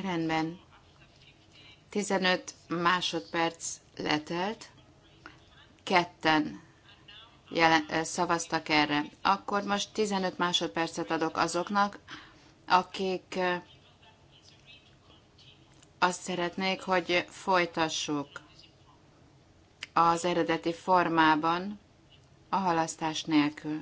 Rendben. 15 másodperc letelt. Ketten jelen, szavaztak erre. Akkor most 15 másodpercet adok azoknak, akik azt szeretnék, hogy folytassuk az eredeti formában a halasztás nélkül.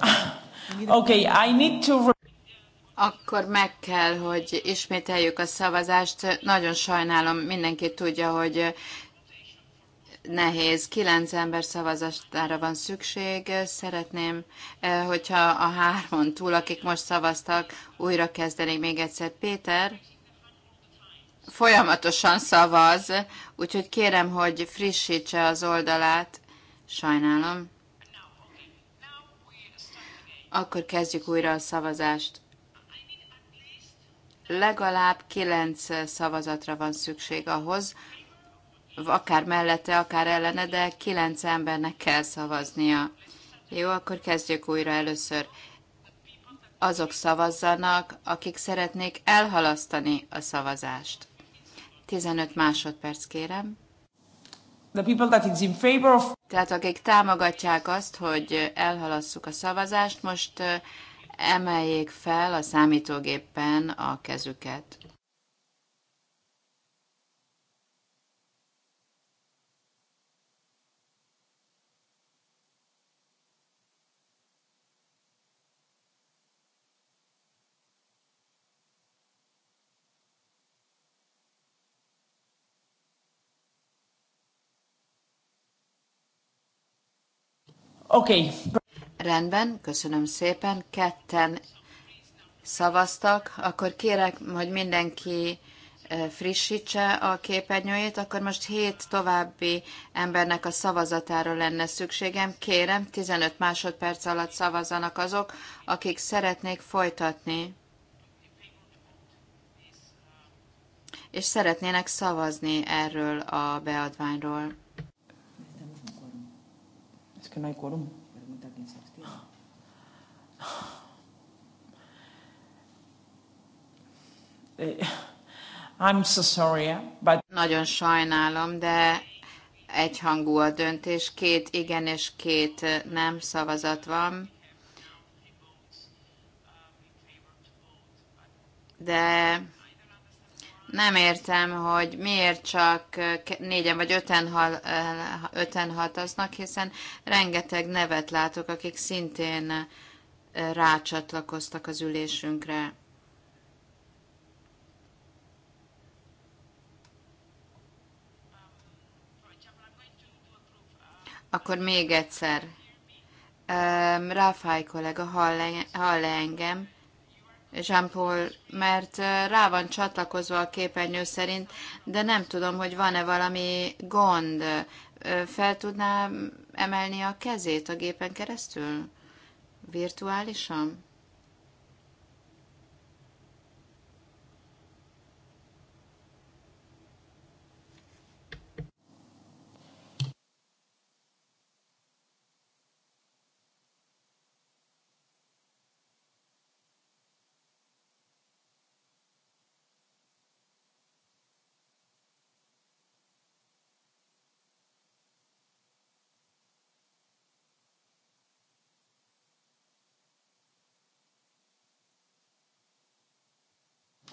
Ah, okay, I need to... Akkor meg kell, hogy ismételjük a szavazást. Nagyon sajnálom, mindenki tudja, hogy nehéz. Kilenc ember szavazatára van szükség. Szeretném, eh, hogyha a hármon túl, akik most szavaztak, újra kezdenék még egyszer. Péter folyamatosan szavaz, úgyhogy kérem, hogy frissítse az oldalát. Sajnálom. Akkor kezdjük újra a szavazást. Legalább kilenc szavazatra van szükség ahhoz, akár mellette, akár ellene, de kilenc embernek kell szavaznia. Jó, akkor kezdjük újra először. Azok szavazzanak, akik szeretnék elhalasztani a szavazást. 15 másodperc kérem. The people that is in favor of... Tehát akik támogatják azt, hogy elhalasszuk a szavazást, most emeljék fel a számítógépen a kezüket. Okay. Rendben, köszönöm szépen. Ketten szavaztak, akkor kérek, hogy mindenki frissítse a képernyőjét, akkor most hét további embernek a szavazatára lenne szükségem. Kérem, 15 másodperc alatt szavazzanak azok, akik szeretnék folytatni, és szeretnének szavazni erről a beadványról que no hay quórum. Pregunta quién se abstiene. Eh, I'm so sorry, but... Nagyon sajnálom, de egyhangú a döntés. Két igen és két nem szavazat van. De nem értem, hogy miért csak négyen vagy öten, hal, öten hataznak, hiszen rengeteg nevet látok, akik szintén rácsatlakoztak az ülésünkre. Akkor még egyszer. Ráfáj kollega hall, hall engem. Jean-Paul, mert rá van csatlakozva a képernyő szerint, de nem tudom, hogy van-e valami gond. Fel tudná emelni a kezét a gépen keresztül? Virtuálisan?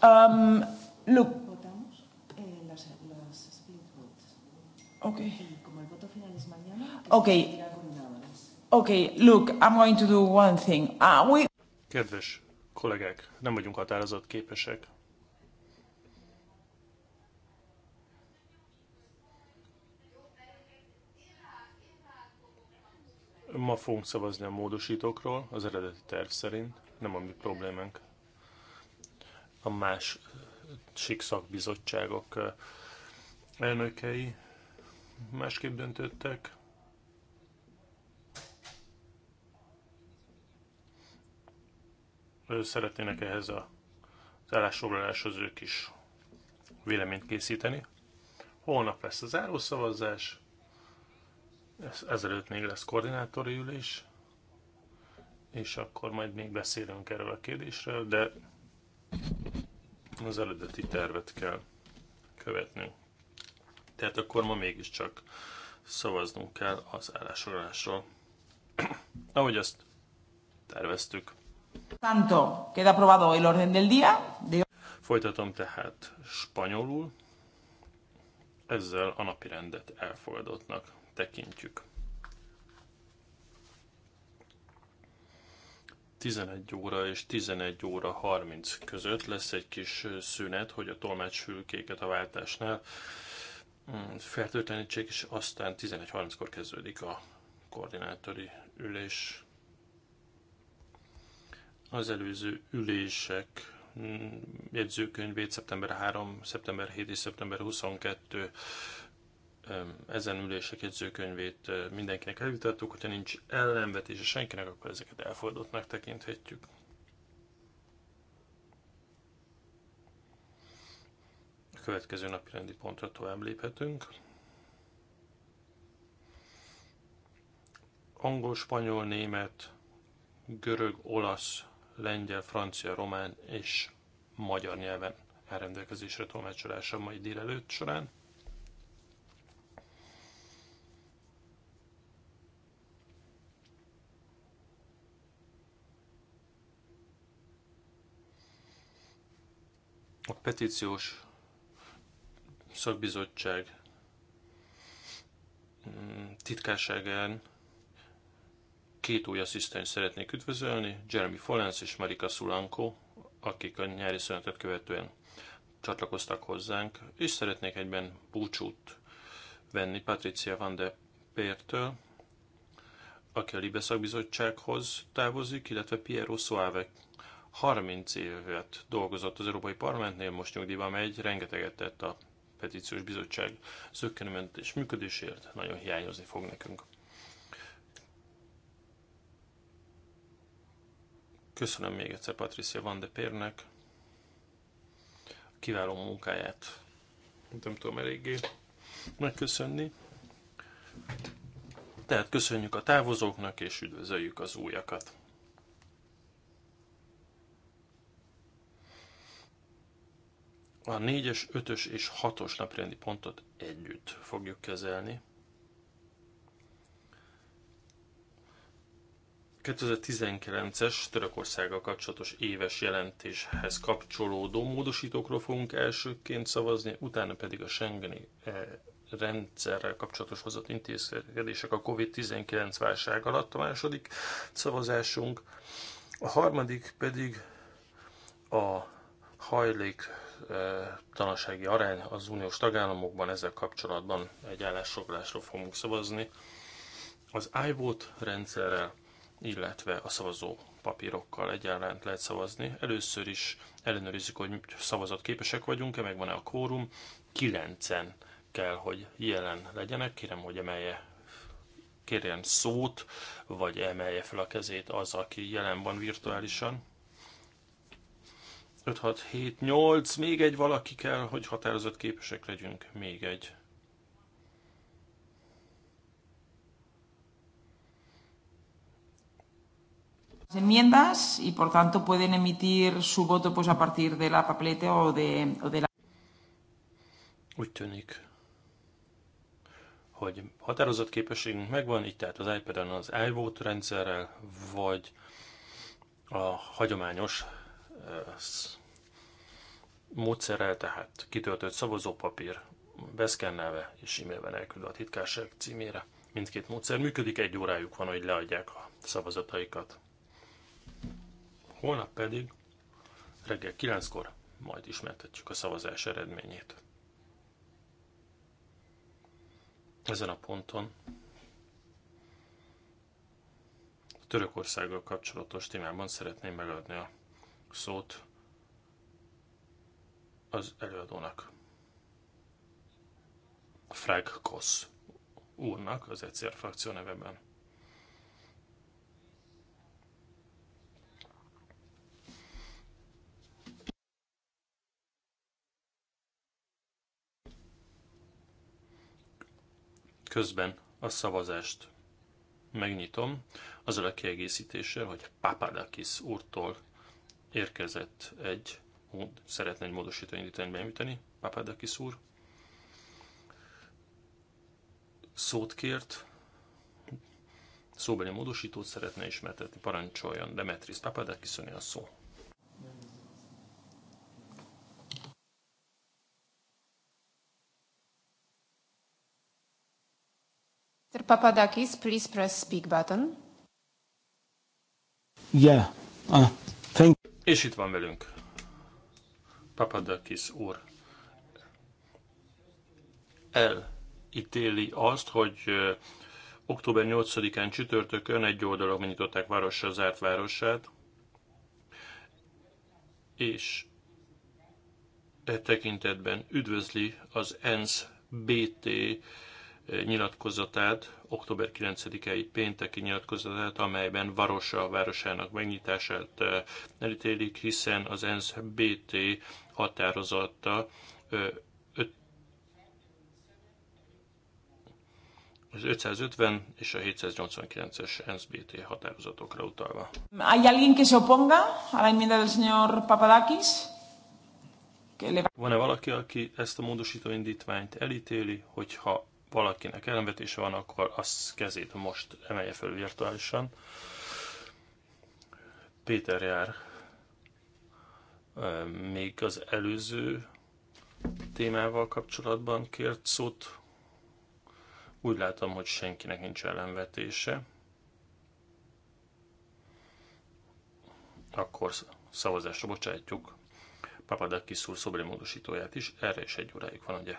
Um, look. Votamos eh, las, las speed votes. Okay. Como el voto final es mañana, okay. Okay, look, I'm going to do one thing. Uh, we... Kedves kollégák, nem vagyunk határozott képesek. Ma fogunk szavazni a módosítókról, az eredeti terv szerint, nem a mi problémánk a más sikszakbizottságok elnökei másképp döntöttek. Szeretnének ehhez a az állásfoglaláshoz ők is véleményt készíteni. Holnap lesz az zárószavazás, ezelőtt még lesz koordinátori ülés, és akkor majd még beszélünk erről a kérdésről, de az eredeti tervet kell követni. Tehát akkor ma mégiscsak szavaznunk kell az állásolásról. Ahogy azt terveztük. Tanto, queda aprobado el orden del día. De... Folytatom tehát spanyolul. Ezzel a napi rendet elfogadottnak tekintjük. 11 óra és 11 óra 30 között lesz egy kis szünet, hogy a tolmácsfülkéket a váltásnál mm, fertőtlenítsék, és aztán 11.30-kor kezdődik a koordinátori ülés. Az előző ülések mm, jegyzőkönyvét szeptember 3, szeptember 7 és szeptember 22 ezen ülések jegyzőkönyvét mindenkinek elvitattuk, hogyha nincs ellenvetése senkinek, akkor ezeket elfordottnak tekinthetjük. A következő napi rendi pontra tovább léphetünk. Angol, spanyol, német, görög, olasz, lengyel, francia, román és magyar nyelven elrendelkezésre tolmácsolása mai délelőtt során. A petíciós szakbizottság mm, titkárságán két új asszisztens szeretnék üdvözölni, Jeremy Follens és Marika Sulanko, akik a nyári szünetet követően csatlakoztak hozzánk, és szeretnék egyben búcsút venni Patricia van de Pértől, aki a Libe szakbizottsághoz távozik, illetve Piero Soave 30 évet dolgozott az Európai Parlamentnél, most nyugdíjba megy, rengeteget tett a petíciós bizottság és működésért, nagyon hiányozni fog nekünk. Köszönöm még egyszer Patricia Van de Pérnek a kiváló munkáját. Nem tudom eléggé megköszönni. Tehát köszönjük a távozóknak, és üdvözöljük az újakat. A 4-es, 5-ös és 6-os napirendi pontot együtt fogjuk kezelni. 2019-es Törökországgal kapcsolatos éves jelentéshez kapcsolódó módosítókról fogunk elsőként szavazni, utána pedig a Schengeni eh, rendszerrel kapcsolatos hozott intézkedések a COVID-19 válság alatt a második szavazásunk. A harmadik pedig a hajlék talansági arány az uniós tagállamokban, ezzel kapcsolatban egy állásfoglalásról fogunk szavazni. Az iVote rendszerrel, illetve a szavazó papírokkal egyaránt lehet szavazni. Először is ellenőrizzük, hogy szavazatképesek vagyunk-e, meg van-e a kórum. Kilencen kell, hogy jelen legyenek. Kérem, hogy emelje kérjen szót, vagy emelje fel a kezét az, aki jelen van virtuálisan. 5, 6, 7, 8, még egy valaki kell, hogy határozott képesek legyünk, még egy. enmiendas y por tanto pueden emitir su voto pues a partir de la papeleta o de, o de la... Úgy tűnik, hogy határozott képességünk megvan, így tehát az iPad-en az iVote rendszerrel, vagy a hagyományos módszerrel, tehát kitöltött szavazópapír, beszkennelve és e-mailben elküldve a titkárság címére. Mindkét módszer működik, egy órájuk van, hogy leadják a szavazataikat. Holnap pedig reggel 9-kor majd ismertetjük a szavazás eredményét. Ezen a ponton Törökországgal kapcsolatos témában szeretném megadni a szót az előadónak. Frag Kosz úrnak az egyszer frakció neveben. Közben a szavazást megnyitom, azzal a kiegészítéssel, hogy Papadakis úrtól érkezett egy, szeretne egy módosító indítani benyújtani, Papadakis úr. Szót kért, szóbeli módosítót szeretne ismertetni, parancsoljon Demetris Papadakis a szó. Mr. Papadakis, please press speak button. Yeah. Uh, thank you. És itt van velünk Papadakis úr. Elítéli azt, hogy október 8-án csütörtökön egy oldalon megnyitották városra zárt városát, és e tekintetben üdvözli az ENSZ BT nyilatkozatát, október 9-i pénteki nyilatkozatát, amelyben Varosa városának megnyitását elítélik, hiszen az ENSZ BT határozata az 550 és a 789-es NSBT határozatokra utalva. Hay alguien que se oponga a la enmienda del señor Papadakis? Van-e valaki, aki ezt a módosító indítványt elítéli, hogyha valakinek ellenvetése van, akkor az kezét most emelje fel virtuálisan. Péter jár még az előző témával kapcsolatban kért szót. Úgy látom, hogy senkinek nincs ellenvetése. Akkor szavazásra bocsátjuk Papadakis úr szobrimódosítóját is, erre is egy óráig van, hogy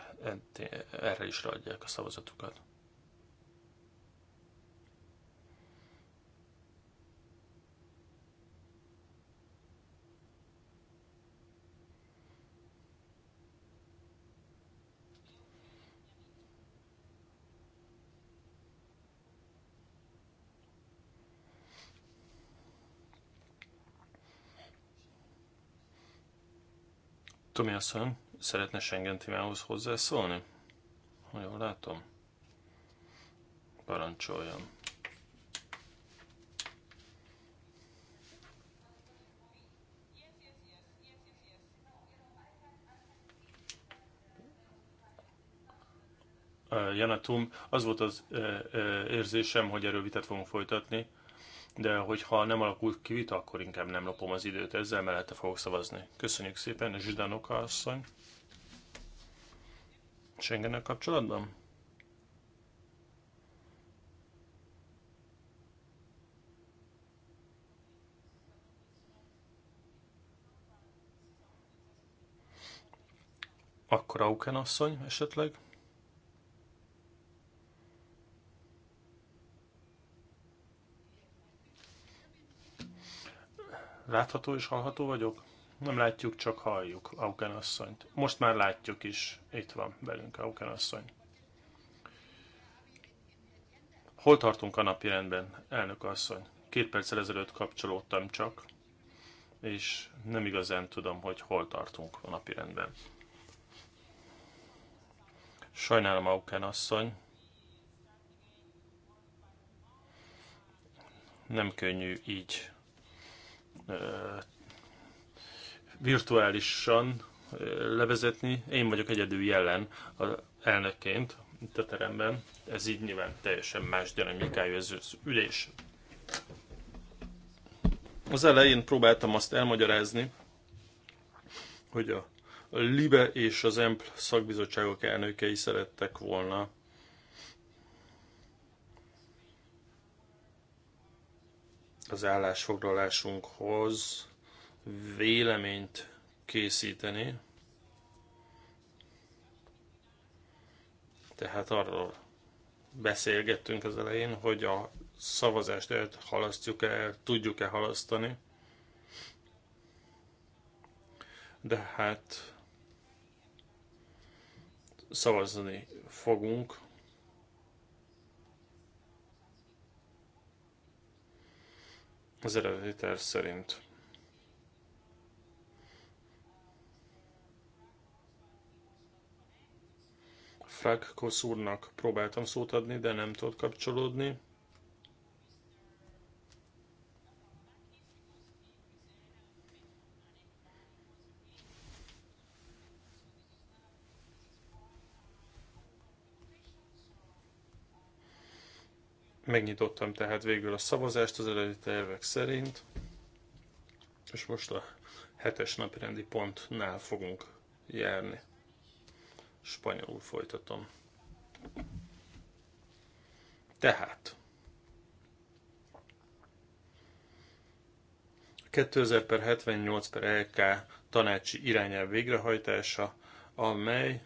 erre is ráadják a szavazatukat. Tomi asszony szeretne Schengen témához hozzászólni? Ha jól látom. Parancsoljon. Janatum, az volt az érzésem, hogy erről vitát fogunk folytatni de hogyha nem alakult ki vita, akkor inkább nem lopom az időt, ezzel mellette fogok szavazni. Köszönjük szépen, Zsidanoka asszony. Schengennel kapcsolatban? Akkor Auken asszony esetleg? Látható és hallható vagyok? Nem látjuk, csak halljuk Auken asszonyt. Most már látjuk is. Itt van velünk Auken asszony. Hol tartunk a napi rendben, elnök asszony? Két perccel ezelőtt kapcsolódtam csak, és nem igazán tudom, hogy hol tartunk a napi rendben. Sajnálom, Auken asszony. Nem könnyű így virtuálisan levezetni. Én vagyok egyedül jelen a elnökként itt a teremben. Ez így nyilván teljesen más dinamikájú ez az ülés. Az elején próbáltam azt elmagyarázni, hogy a LIBE és az EMPL szakbizottságok elnökei szerettek volna az állásfoglalásunkhoz véleményt készíteni, tehát arról beszélgettünk az elején, hogy a szavazást halasztjuk el, tudjuk-e halasztani. De hát szavazni fogunk, az eredeti terv szerint. Frak úrnak próbáltam szót adni, de nem tudott kapcsolódni. Megnyitottam tehát végül a szavazást az eredeti tervek szerint, és most a hetes napirendi pontnál fogunk járni. Spanyolul folytatom. Tehát, 2000 per 78 per LK tanácsi irányelv végrehajtása, amely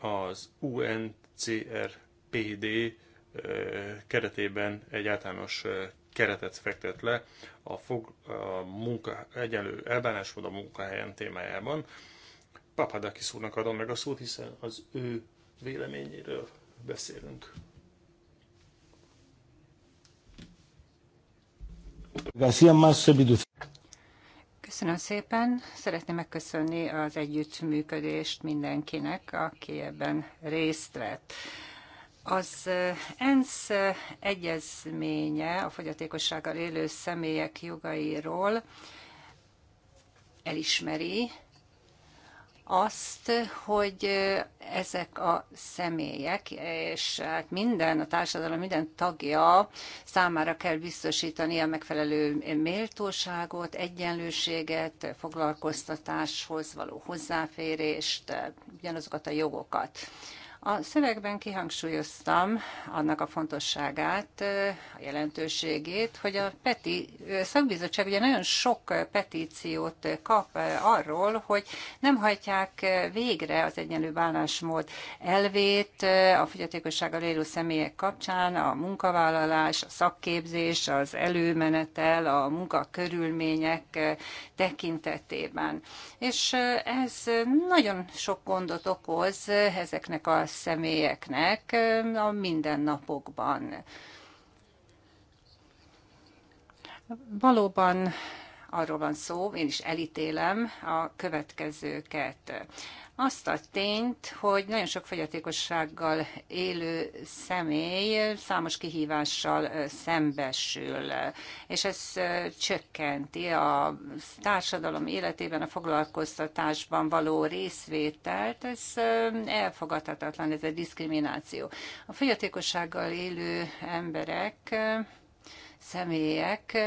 az UNCRPD keretében egy általános keretet fektet le a, fog, a munka, egyenlő elbánásmód a munkahelyen témájában. Papadakis úrnak adom meg a szót, hiszen az ő véleményéről beszélünk. más Köszönöm szépen. Szeretném megköszönni az együttműködést mindenkinek, aki ebben részt vett. Az ENSZ egyezménye a fogyatékossággal élő személyek jogairól elismeri azt, hogy ezek a személyek, és hát minden, a társadalom minden tagja számára kell biztosítani a megfelelő méltóságot, egyenlőséget, foglalkoztatáshoz való hozzáférést, ugyanazokat a jogokat. A szövegben kihangsúlyoztam annak a fontosságát, a jelentőségét, hogy a PETI szakbizottság ugye nagyon sok petíciót kap arról, hogy nem hajtják végre az egyenlő bánásmód elvét a fogyatékossággal élő személyek kapcsán, a munkavállalás, a szakképzés, az előmenetel, a munkakörülmények tekintetében. És ez nagyon sok gondot okoz ezeknek a személyeknek a mindennapokban. Valóban arról van szó, én is elítélem a következőket azt a tényt, hogy nagyon sok fogyatékossággal élő személy számos kihívással szembesül, és ez csökkenti a társadalom életében, a foglalkoztatásban való részvételt, ez elfogadhatatlan, ez a diszkrimináció. A fogyatékossággal élő emberek személyek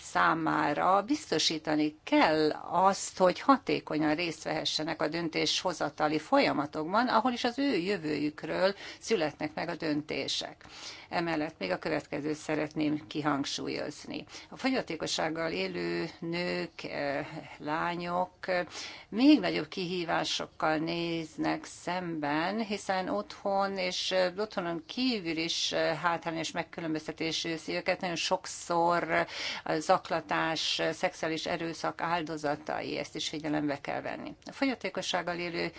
számára biztosítani kell azt, hogy hatékonyan részt vehessenek a döntéshozatali folyamatokban, ahol is az ő jövőjükről születnek meg a döntések. Emellett még a következőt szeretném kihangsúlyozni. A fogyatékossággal élő nők, eh, lányok eh, még nagyobb kihívásokkal néznek szemben, hiszen otthon és eh, otthonon kívül is hátrányos megkülönböztetés őszi őket. Nagyon sokszor zaklatás, szexuális erőszak áldozatai, ezt is figyelembe kell venni. A fogyatékossággal élő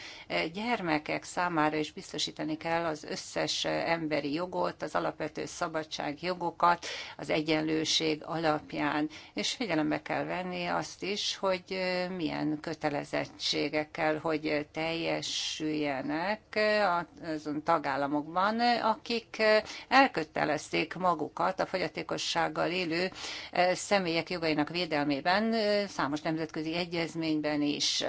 gyermekek számára is biztosítani kell az összes emberi jogot, az alapvető alapvető szabadságjogokat az egyenlőség alapján, és figyelembe kell venni azt is, hogy milyen kötelezettségekkel, hogy teljesüljenek azon tagállamokban, akik elkötelezték magukat a fogyatékossággal élő személyek jogainak védelmében számos nemzetközi egyezményben is.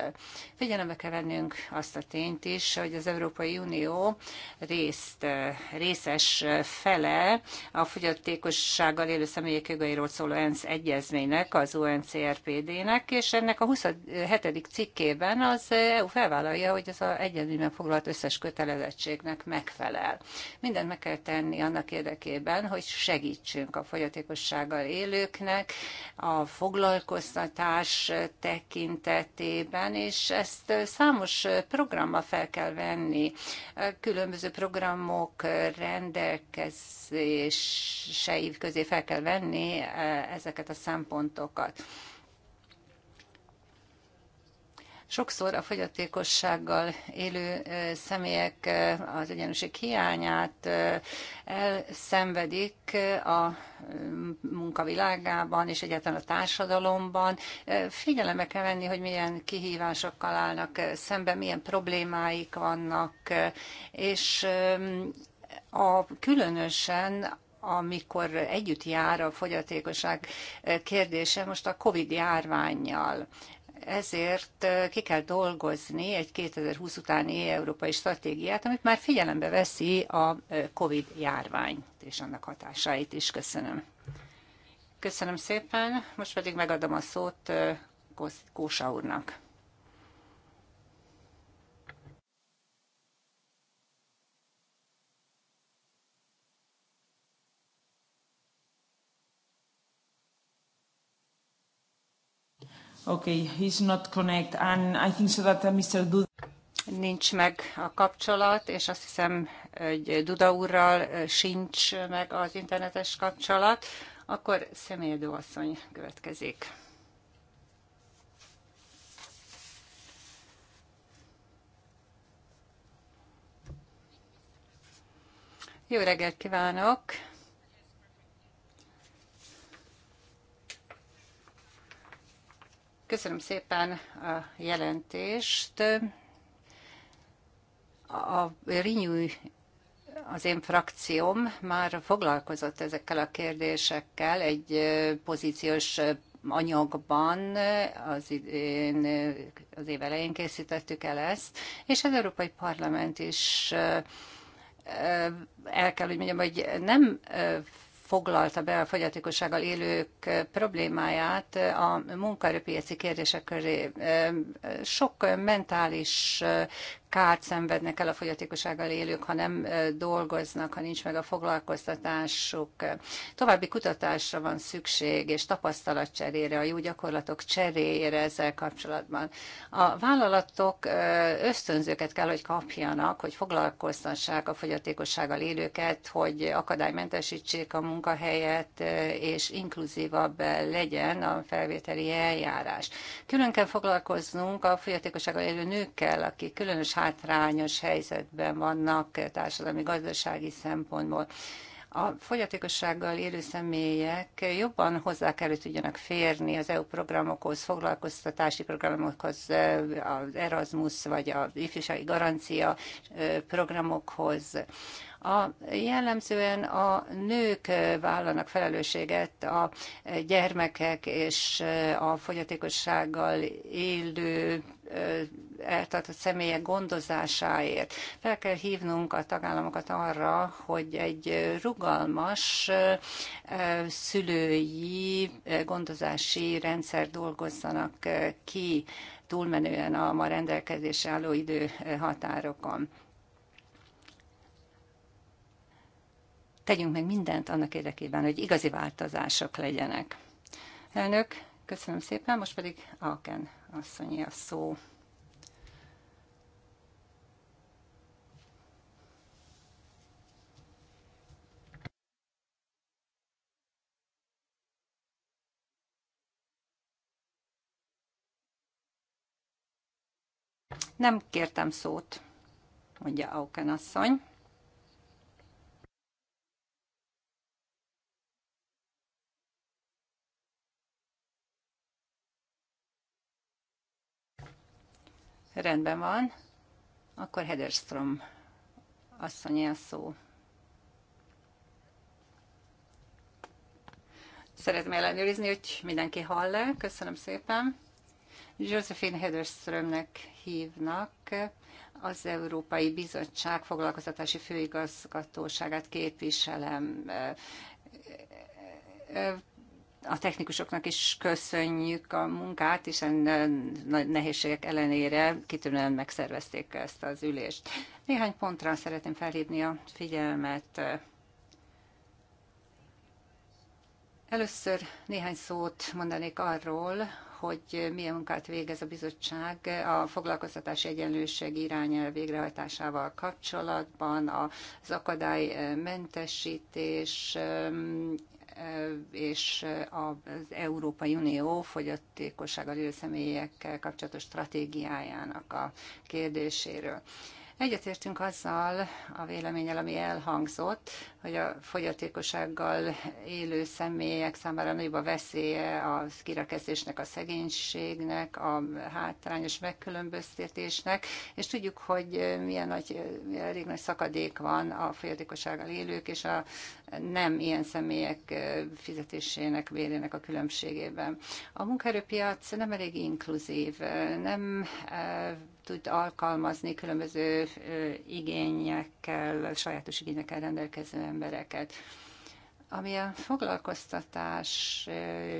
Figyelembe kell vennünk azt a tényt is, hogy az Európai Unió részt, részes fel fele a fogyatékossággal élő személyek jogairól szóló ENSZ egyezménynek, az UNCRPD-nek, és ennek a 27. cikkében az EU felvállalja, hogy ez az egyezményben foglalt összes kötelezettségnek megfelel. Mindent meg kell tenni annak érdekében, hogy segítsünk a fogyatékossággal élőknek a foglalkoztatás tekintetében, és ezt számos programmal fel kell venni. Különböző programok rendelkeznek, célkitűzései közé fel kell venni e, ezeket a szempontokat. Sokszor a fogyatékossággal élő e, személyek e, az egyenlőség hiányát elszenvedik a munkavilágában és egyáltalán a társadalomban. Figyelembe kell venni, hogy milyen kihívásokkal állnak szemben, milyen problémáik vannak, és a különösen amikor együtt jár a fogyatékosság kérdése most a COVID járványjal ezért ki kell dolgozni egy 2020 utáni európai stratégiát, amit már figyelembe veszi a COVID járvány és annak hatásait is. Köszönöm. Köszönöm szépen, most pedig megadom a szót Kósa úrnak. Okay, he's not connect, and I think so that uh, Mr. Duda... Nincs meg a kapcsolat, és azt hiszem, hogy Duda úrral sincs meg az internetes kapcsolat. Akkor Személyedő asszony következik. Jó reggelt kívánok! Köszönöm szépen a jelentést. A Renew az én frakcióm már foglalkozott ezekkel a kérdésekkel egy pozíciós anyagban, az, idén, az év elején készítettük el ezt, és az Európai Parlament is el kell, hogy mondjam, hogy nem foglalta be a fogyatékossággal élők problémáját a munkaerőpiaci kérdések köré. Sok mentális kárt szenvednek el a fogyatékossággal élők, ha nem dolgoznak, ha nincs meg a foglalkoztatásuk. További kutatásra van szükség, és tapasztalatcserére, a jó gyakorlatok cseréjére ezzel kapcsolatban. A vállalatok ösztönzőket kell, hogy kapjanak, hogy foglalkoztassák a fogyatékossággal élőket, hogy akadálymentesítsék a munkahelyet, és inkluzívabb legyen a felvételi eljárás. Külön kell foglalkoznunk a fogyatékossággal élő nőkkel, akik különös hátrányos helyzetben vannak társadalmi-gazdasági szempontból a fogyatékossággal élő személyek jobban hozzá kell, hogy tudjanak férni az EU programokhoz, foglalkoztatási programokhoz, az Erasmus vagy a ifjúsági garancia programokhoz. A, jellemzően a nők vállalnak felelősséget a gyermekek és a fogyatékossággal élő eltartott személyek gondozásáért. Fel kell hívnunk a tagállamokat arra, hogy egy rugalmas szülői gondozási rendszer dolgozzanak ki túlmenően a ma rendelkezésre álló időhatárokon. Tegyünk meg mindent annak érdekében, hogy igazi változások legyenek. Elnök, köszönöm szépen, most pedig Aken asszonyi a szó. Nem kértem szót, mondja Auken asszony. Rendben van. Akkor Hederstrom asszony a szó. Szeretném ellenőrizni, hogy mindenki hall-e. Köszönöm szépen. Josephine Hederströmnek hívnak az Európai Bizottság foglalkoztatási főigazgatóságát képviselem a technikusoknak is köszönjük a munkát, hiszen nagy nehézségek ellenére kitűnően megszervezték ezt az ülést. Néhány pontra szeretném felhívni a figyelmet. Először néhány szót mondanék arról, hogy milyen munkát végez a bizottság a foglalkoztatási egyenlőség irányel végrehajtásával kapcsolatban, az akadálymentesítés és az Európai Unió fogyatékossággal élő személyekkel kapcsolatos stratégiájának a kérdéséről. Egyetértünk azzal a véleményel, ami elhangzott, hogy a fogyatékossággal élő személyek számára nagyobb a veszélye a kirekezésnek, a szegénységnek, a hátrányos megkülönböztetésnek, és tudjuk, hogy milyen nagy, elég nagy szakadék van a fogyatékossággal élők és a nem ilyen személyek fizetésének, bérének a különbségében. A munkaerőpiac nem elég inkluzív, nem tud alkalmazni különböző igényekkel, sajátos igényekkel rendelkező embereket. Ami a foglalkoztatás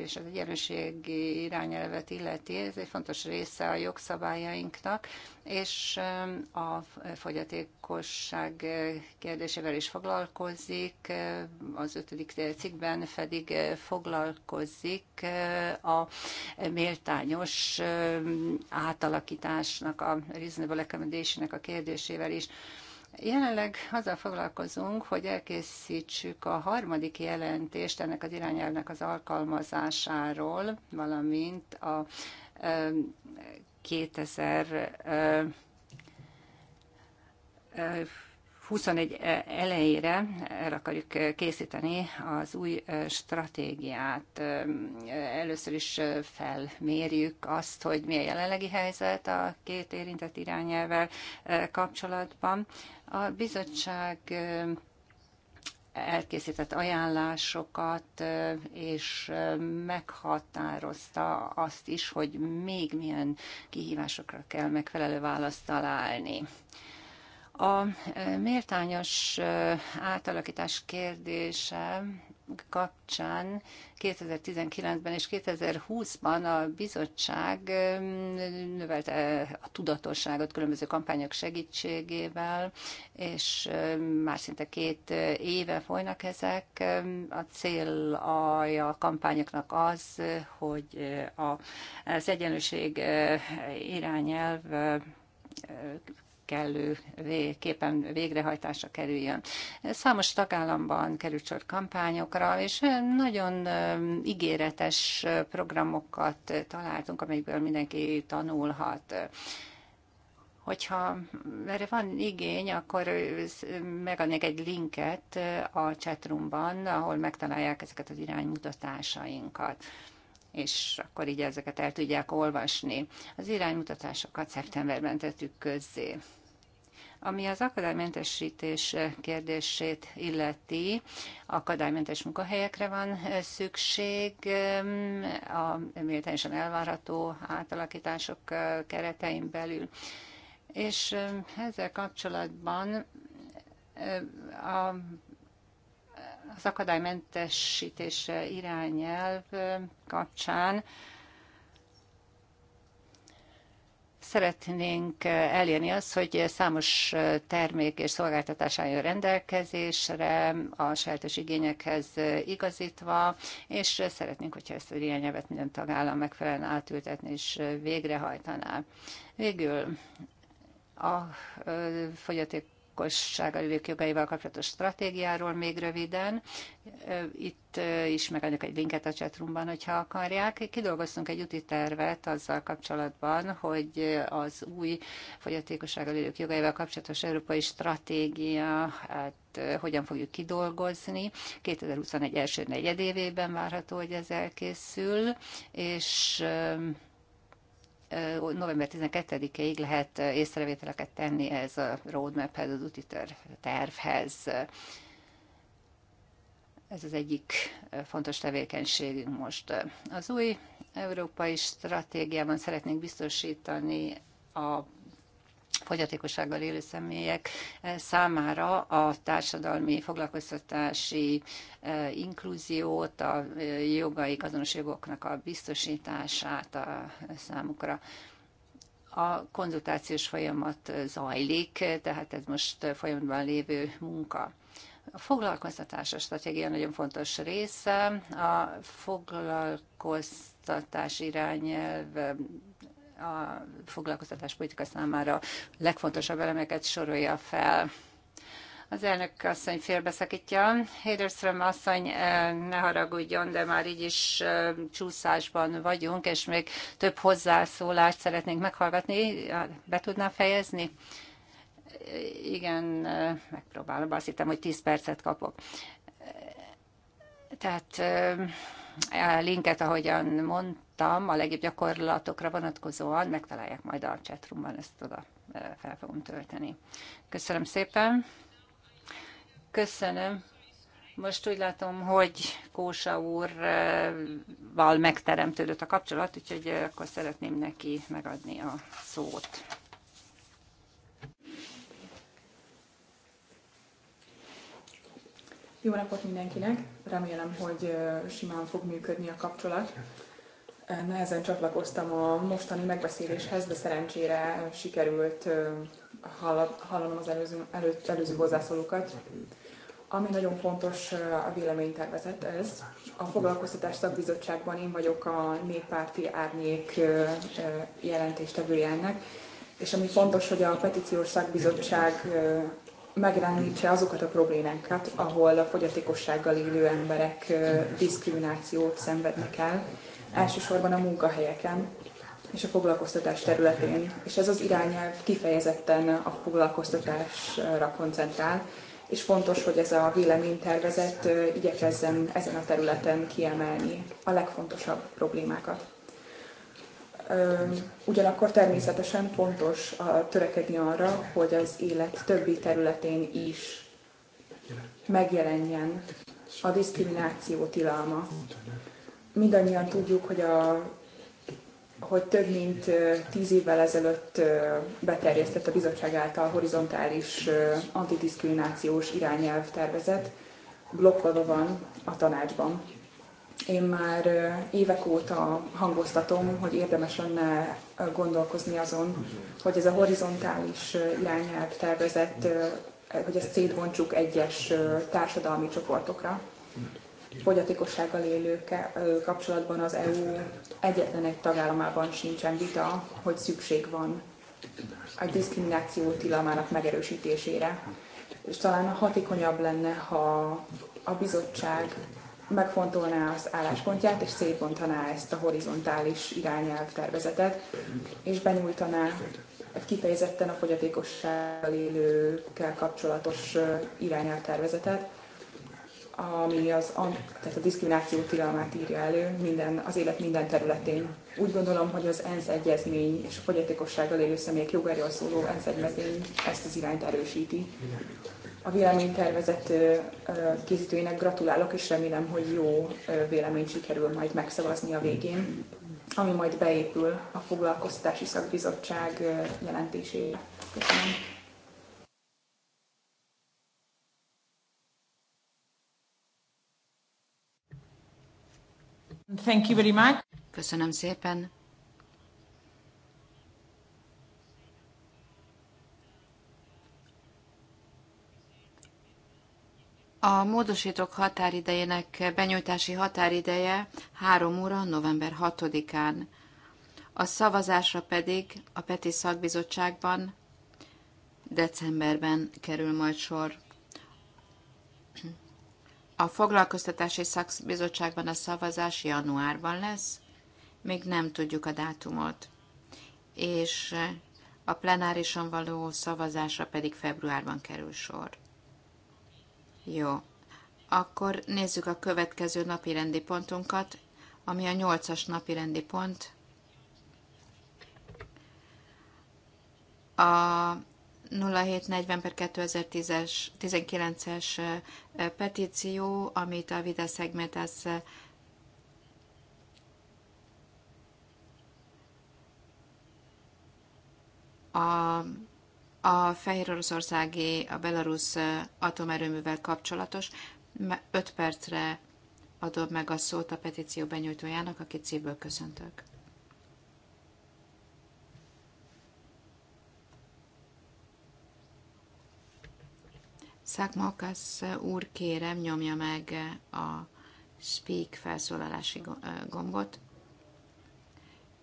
és az egyenlőségi irányelvet illeti, ez egy fontos része a jogszabályainknak, és a fogyatékosság kérdésével is foglalkozik, az ötödik cikkben pedig foglalkozik a méltányos átalakításnak, a reasonable accommodation a kérdésével is. Jelenleg azzal foglalkozunk, hogy elkészítsük a harmadik jelentést ennek az irányelvnek az alkalmazásáról, valamint a 2000 21 eh, elejére el akarjuk eh, készíteni az új eh, stratégiát. Először is felmérjük azt, hogy mi a jelenlegi helyzet a két érintett irányelvel kapcsolatban. A bizottság elkészített ajánlásokat, és meghatározta azt is, hogy még milyen kihívásokra kell megfelelő választ találni. A méltányos átalakítás kérdése kapcsán 2019-ben és 2020-ban a bizottság növelte a tudatosságot különböző kampányok segítségével, és már szinte két éve folynak ezek. A cél a kampányoknak az, hogy az egyenlőség irányelv kellő képen végrehajtásra kerüljön. Számos tagállamban került sor kampányokra, és nagyon ígéretes programokat találtunk, amelyekből mindenki tanulhat hogyha erre van igény, akkor megadnék egy linket a chatroomban, ahol megtalálják ezeket az iránymutatásainkat és akkor így ezeket el tudják olvasni. Az iránymutatásokat szeptemberben tettük közzé. Ami az akadálymentesítés kérdését illeti, akadálymentes munkahelyekre van szükség, a méltányosan elvárható átalakítások keretein belül. És ezzel kapcsolatban a az akadálymentesítés irányelv kapcsán szeretnénk elérni azt, hogy számos termék és szolgáltatás álljon rendelkezésre, a sajátos igényekhez igazítva, és szeretnénk, hogyha ezt a irányelvet minden tagállam megfelelően átültetni és végrehajtaná. Végül a fogyaték lakossága jövők jogaival kapcsolatos stratégiáról még röviden. Itt is megadjuk egy linket a chatroomban, hogyha akarják. Kidolgoztunk egy úti tervet azzal kapcsolatban, hogy az új fogyatékossága élők jogaival kapcsolatos európai stratégia hát, hogyan fogjuk kidolgozni. 2021 első negyedévében várható, hogy ez elkészül, és november 12-ig lehet észrevételeket tenni ez a roadmaphez, az úti tervhez. Ez az egyik fontos tevékenységünk most. Az új európai stratégiában szeretnénk biztosítani a fogyatékossággal élő személyek eh, számára a társadalmi foglalkoztatási eh, inkluziót, a eh, jogaik, azonos jogoknak a biztosítását a számukra a konzultációs folyamat zajlik, tehát ez most folyamatban lévő munka. A foglalkoztatás a stratégia nagyon fontos része. A foglalkoztatás irányelv a foglalkoztatáspolitika számára legfontosabb elemeket sorolja fel. Az elnök asszony félbeszakítja. Héderström asszony, eh, ne haragudjon, de már így is eh, csúszásban vagyunk, és még több hozzászólást szeretnénk meghallgatni. Be tudná fejezni? Igen, eh, megpróbálom, azt hittem, hogy 10 percet kapok. Tehát linket, ahogyan mondta, láttam a legjobb gyakorlatokra vonatkozóan, megtalálják majd a chatroomban, ezt oda fel fogom tölteni. Köszönöm szépen. Köszönöm. Most úgy látom, hogy Kósa úrval megteremtődött a kapcsolat, úgyhogy akkor szeretném neki megadni a szót. Jó napot mindenkinek! Remélem, hogy simán fog működni a kapcsolat. Nehezen csatlakoztam a mostani megbeszéléshez, de szerencsére sikerült hallanom az előző, elő, előző hozzászólókat. Ami nagyon fontos a véleménytervezet ez. A foglalkoztatás szakbizottságban én vagyok a néppárti árnyék jelentéstevője ennek, és ami fontos, hogy a petíciós szakbizottság megjelenítse azokat a problémákat, ahol a fogyatékossággal élő emberek diszkriminációt szenvednek el, elsősorban a munkahelyeken és a foglalkoztatás területén, és ez az irányelv kifejezetten a foglalkoztatásra koncentrál, és fontos, hogy ez a véleménytervezet igyekezzen ezen a területen kiemelni a legfontosabb problémákat. Ugyanakkor természetesen fontos a törekedni arra, hogy az élet többi területén is megjelenjen a diszkrimináció tilalma, mindannyian tudjuk, hogy a hogy több mint tíz évvel ezelőtt beterjesztett a bizottság által horizontális antidiszkriminációs irányelv tervezet, blokkolva van a tanácsban. Én már évek óta hangoztatom, hogy érdemes lenne gondolkozni azon, hogy ez a horizontális irányelv tervezett hogy ezt szétbontsuk egyes társadalmi csoportokra fogyatékossággal élőkkel kapcsolatban az EU egyetlen egy tagállamában sincsen vita, hogy szükség van a diszkrimináció tilalmának megerősítésére. És talán hatékonyabb lenne, ha a bizottság megfontolná az álláspontját, és szétbontaná ezt a horizontális irányelv tervezetet, és benyújtaná egy kifejezetten a fogyatékossággal élőkkel kapcsolatos irányelv tervezetet, ami az, tehát a diszkrimináció tilalmát írja elő minden, az élet minden területén. Úgy gondolom, hogy az ENSZ egyezmény és a fogyatékossággal élő személyek jogáról szóló ENSZ egyezmény ezt az irányt erősíti. A véleménytervezet készítőinek gratulálok, és remélem, hogy jó véleményt sikerül majd megszavazni a végén, ami majd beépül a foglalkoztatási szakbizottság jelentésébe. Köszönöm. Thank you very much. Köszönöm szépen. A módosítók határidejének benyújtási határideje 3 óra november 6-án, a szavazásra pedig a Peti Szakbizottságban decemberben kerül majd sor. A foglalkoztatási szakbizottságban a szavazás januárban lesz, még nem tudjuk a dátumot, és a plenárison való szavazásra pedig februárban kerül sor. Jó, akkor nézzük a következő napi rendi pontunkat, ami a nyolcas napi rendi pont. A 0740 per 2019-es petíció, amit a Vida Segment az a, a Fehér Oroszországi, a Belarus atomerőművel kapcsolatos. 5 percre adom meg a szót a petíció benyújtójának, akit szívből köszöntök. Szakmakasz úr, kérem, nyomja meg a speak felszólalási gombot.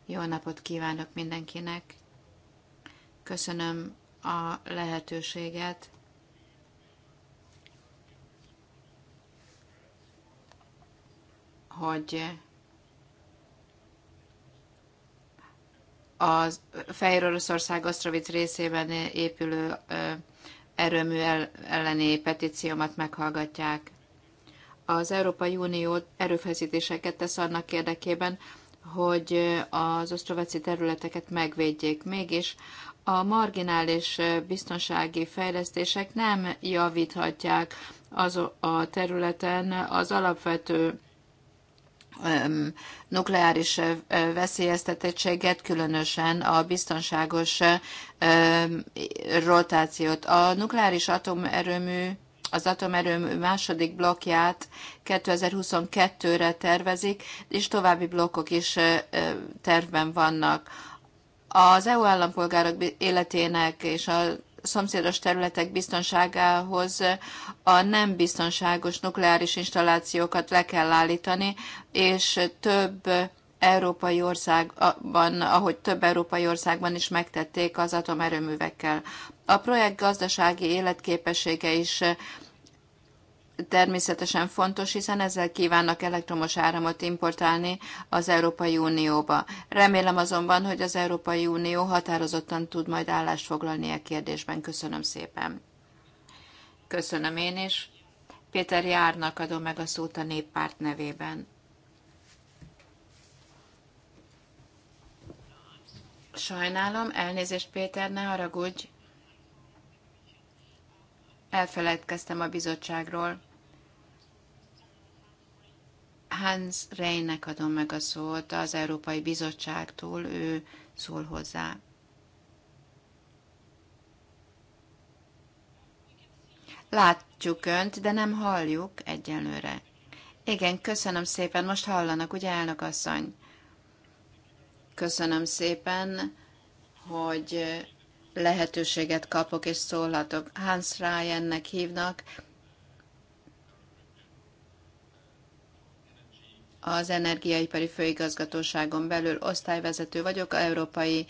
Jó napot kívánok mindenkinek! Köszönöm a lehetőséget. hogy a Fehér Oroszország Osztrovic részében épülő erőmű elleni petíciómat meghallgatják. Az Európai Unió erőfeszítéseket tesz annak érdekében, hogy az osztroveci területeket megvédjék. Mégis a marginális biztonsági fejlesztések nem javíthatják az a területen az alapvető nukleáris veszélyeztetettséget, különösen a biztonságos rotációt. A nukleáris atomerőmű az atomerőmű második blokkját 2022-re tervezik, és további blokkok is tervben vannak. Az EU állampolgárok életének és a szomszédos területek biztonságához a nem biztonságos nukleáris installációkat le kell állítani, és több európai országban, ahogy több európai országban is megtették az atomerőművekkel. A projekt gazdasági életképessége is természetesen fontos, hiszen ezzel kívánnak elektromos áramot importálni az Európai Unióba. Remélem azonban, hogy az Európai Unió határozottan tud majd állást foglalni a e kérdésben. Köszönöm szépen. Köszönöm én is. Péter Járnak adom meg a szót a néppárt nevében. Sajnálom, elnézést Péter, ne haragudj. Elfeledkeztem a bizottságról. Hans Reynek adom meg a szót az Európai Bizottságtól, ő szól hozzá. Látjuk önt, de nem halljuk egyenlőre. Igen, köszönöm szépen, most hallanak, ugye elnök asszony? Köszönöm szépen, hogy lehetőséget kapok és szólhatok. Hans Ryan-nek hívnak, az Energiaipari Főigazgatóságon belül osztályvezető vagyok, európai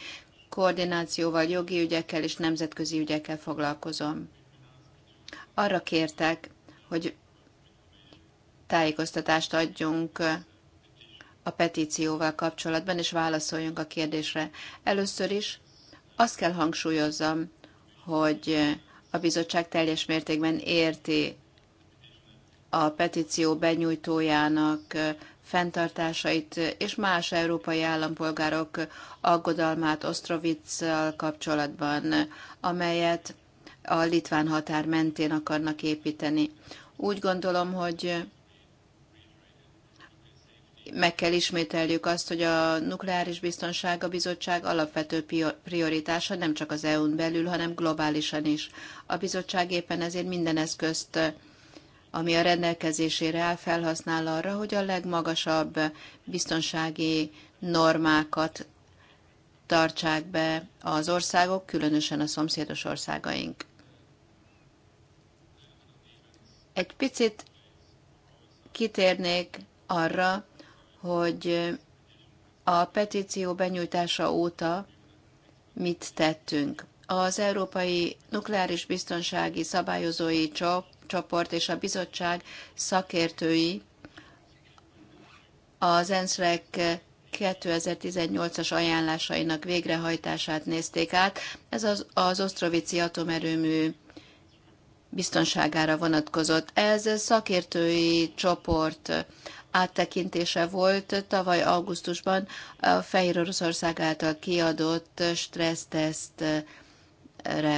koordinációval, jogi ügyekkel és nemzetközi ügyekkel foglalkozom. Arra kértek, hogy tájékoztatást adjunk a petícióval kapcsolatban, és válaszoljunk a kérdésre. Először is azt kell hangsúlyozzam, hogy a bizottság teljes mértékben érti a petíció benyújtójának fenntartásait és más európai állampolgárok aggodalmát Osztroviccel kapcsolatban, amelyet a litván határ mentén akarnak építeni. Úgy gondolom, hogy meg kell ismételjük azt, hogy a Nukleáris Biztonsága Bizottság alapvető prioritása nem csak az EU-n belül, hanem globálisan is. A bizottság éppen ezért minden eszközt ami a rendelkezésére áll, felhasznál arra, hogy a legmagasabb biztonsági normákat tartsák be az országok, különösen a szomszédos országaink. Egy picit kitérnék arra, hogy a petíció benyújtása óta mit tettünk. Az Európai Nukleáris Biztonsági Szabályozói Csok csoport és a bizottság szakértői az e ensz 2018-as ajánlásainak végrehajtását nézték át. Ez az, az Osztrovici atomerőmű biztonságára vonatkozott. Ez szakértői csoport áttekintése volt tavaly augusztusban a Fehér Oroszország által kiadott stressztesztre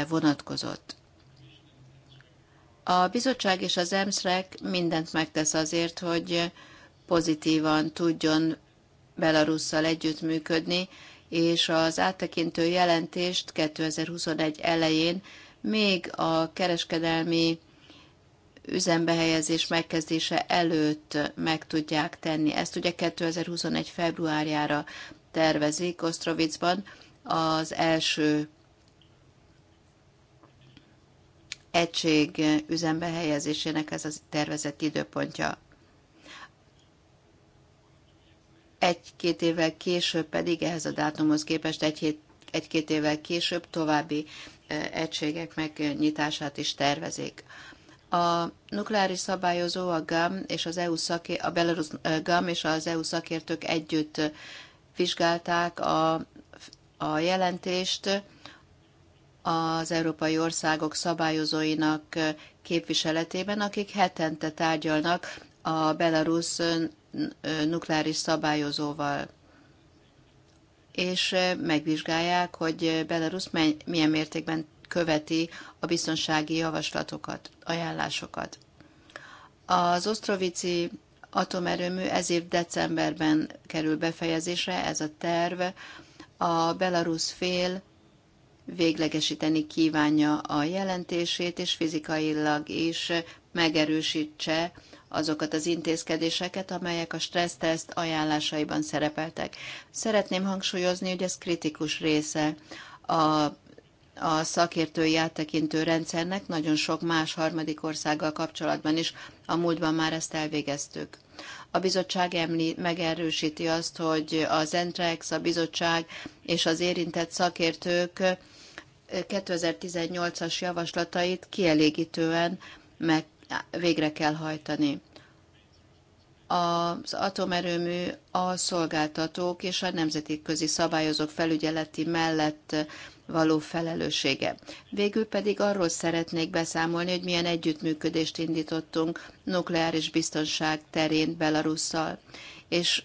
vonatkozott. A bizottság és az EMSZREK mindent megtesz azért, hogy pozitívan tudjon Belarusszal együttműködni, és az áttekintő jelentést 2021 elején még a kereskedelmi üzembehelyezés megkezdése előtt meg tudják tenni. Ezt ugye 2021 februárjára tervezik Osztrovicban az első egység üzembe helyezésének ez a tervezett időpontja. Egy-két évvel később pedig ehhez a dátumhoz képest egy hét, egy-két évvel később további e, egységek megnyitását is tervezik. A nukleáris szabályozó a GAM és az EU szaké, a Belarus e, GAM és az EU szakértők együtt vizsgálták a, a jelentést, az európai országok szabályozóinak képviseletében, akik hetente tárgyalnak a belarusz nukleáris szabályozóval és megvizsgálják, hogy Belarus milyen mértékben követi a biztonsági javaslatokat, ajánlásokat. Az Osztrovici atomerőmű ez év decemberben kerül befejezésre, ez a terv. A belarusz fél véglegesíteni kívánja a jelentését, és fizikailag is megerősítse azokat az intézkedéseket, amelyek a stresszteszt ajánlásaiban szerepeltek. Szeretném hangsúlyozni, hogy ez kritikus része a a szakértői áttekintő rendszernek nagyon sok más harmadik országgal kapcsolatban is, a múltban már ezt elvégeztük. A bizottság emli, megerősíti azt, hogy az Entrex, a bizottság és az érintett szakértők 2018-as javaslatait kielégítően meg végre kell hajtani. Az atomerőmű a szolgáltatók és a nemzetközi szabályozók felügyeleti mellett való felelőssége. Végül pedig arról szeretnék beszámolni, hogy milyen együttműködést indítottunk nukleáris biztonság terén Belarusszal, és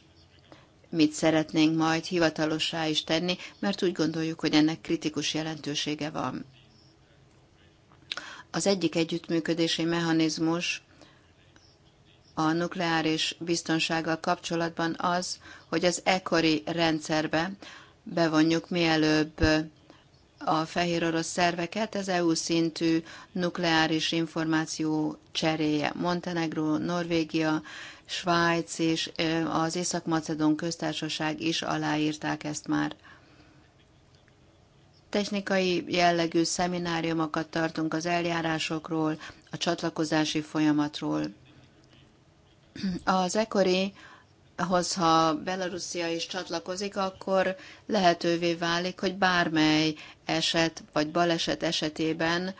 mit szeretnénk majd hivatalossá is tenni, mert úgy gondoljuk, hogy ennek kritikus jelentősége van. Az egyik együttműködési mechanizmus a nukleáris biztonsággal kapcsolatban az, hogy az ekori rendszerbe bevonjuk mielőbb a fehér orosz szerveket, ez EU szintű nukleáris információ cseréje. Montenegro, Norvégia, Svájc és az észak macedon köztársaság is aláírták ezt már. Technikai jellegű szemináriumokat tartunk az eljárásokról, a csatlakozási folyamatról. Az ekori ha Belarusia is csatlakozik, akkor lehetővé válik, hogy bármely eset vagy baleset esetében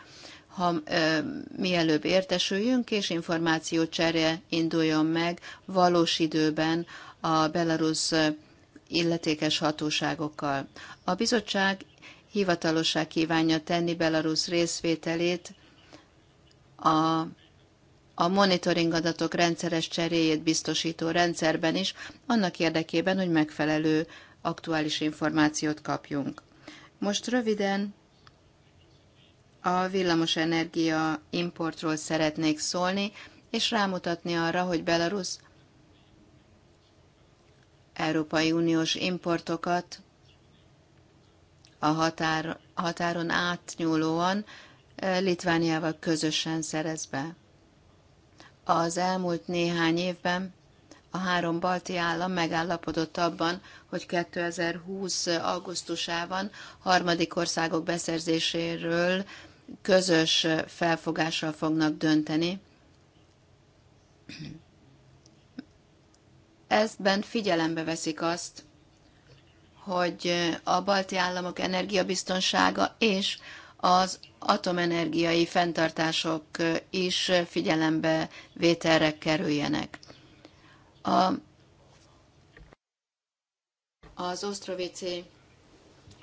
ha ö, mielőbb értesüljünk, és információcsere induljon meg valós időben a belarusz illetékes hatóságokkal. A bizottság hivatalosság kívánja tenni Belarus részvételét a, a monitoring adatok rendszeres cseréjét biztosító rendszerben is, annak érdekében, hogy megfelelő aktuális információt kapjunk. Most röviden a villamosenergia importról szeretnék szólni, és rámutatni arra, hogy Belarus Európai Uniós importokat a határ, határon átnyúlóan eh, Litvániával közösen szerez be. Az elmúlt néhány évben a három balti állam megállapodott abban, hogy 2020. augusztusában harmadik országok beszerzéséről közös felfogással fognak dönteni. Ezben figyelembe veszik azt, hogy a balti államok energiabiztonsága és az atomenergiai fenntartások is figyelembe vételre kerüljenek. A, az Osztrovici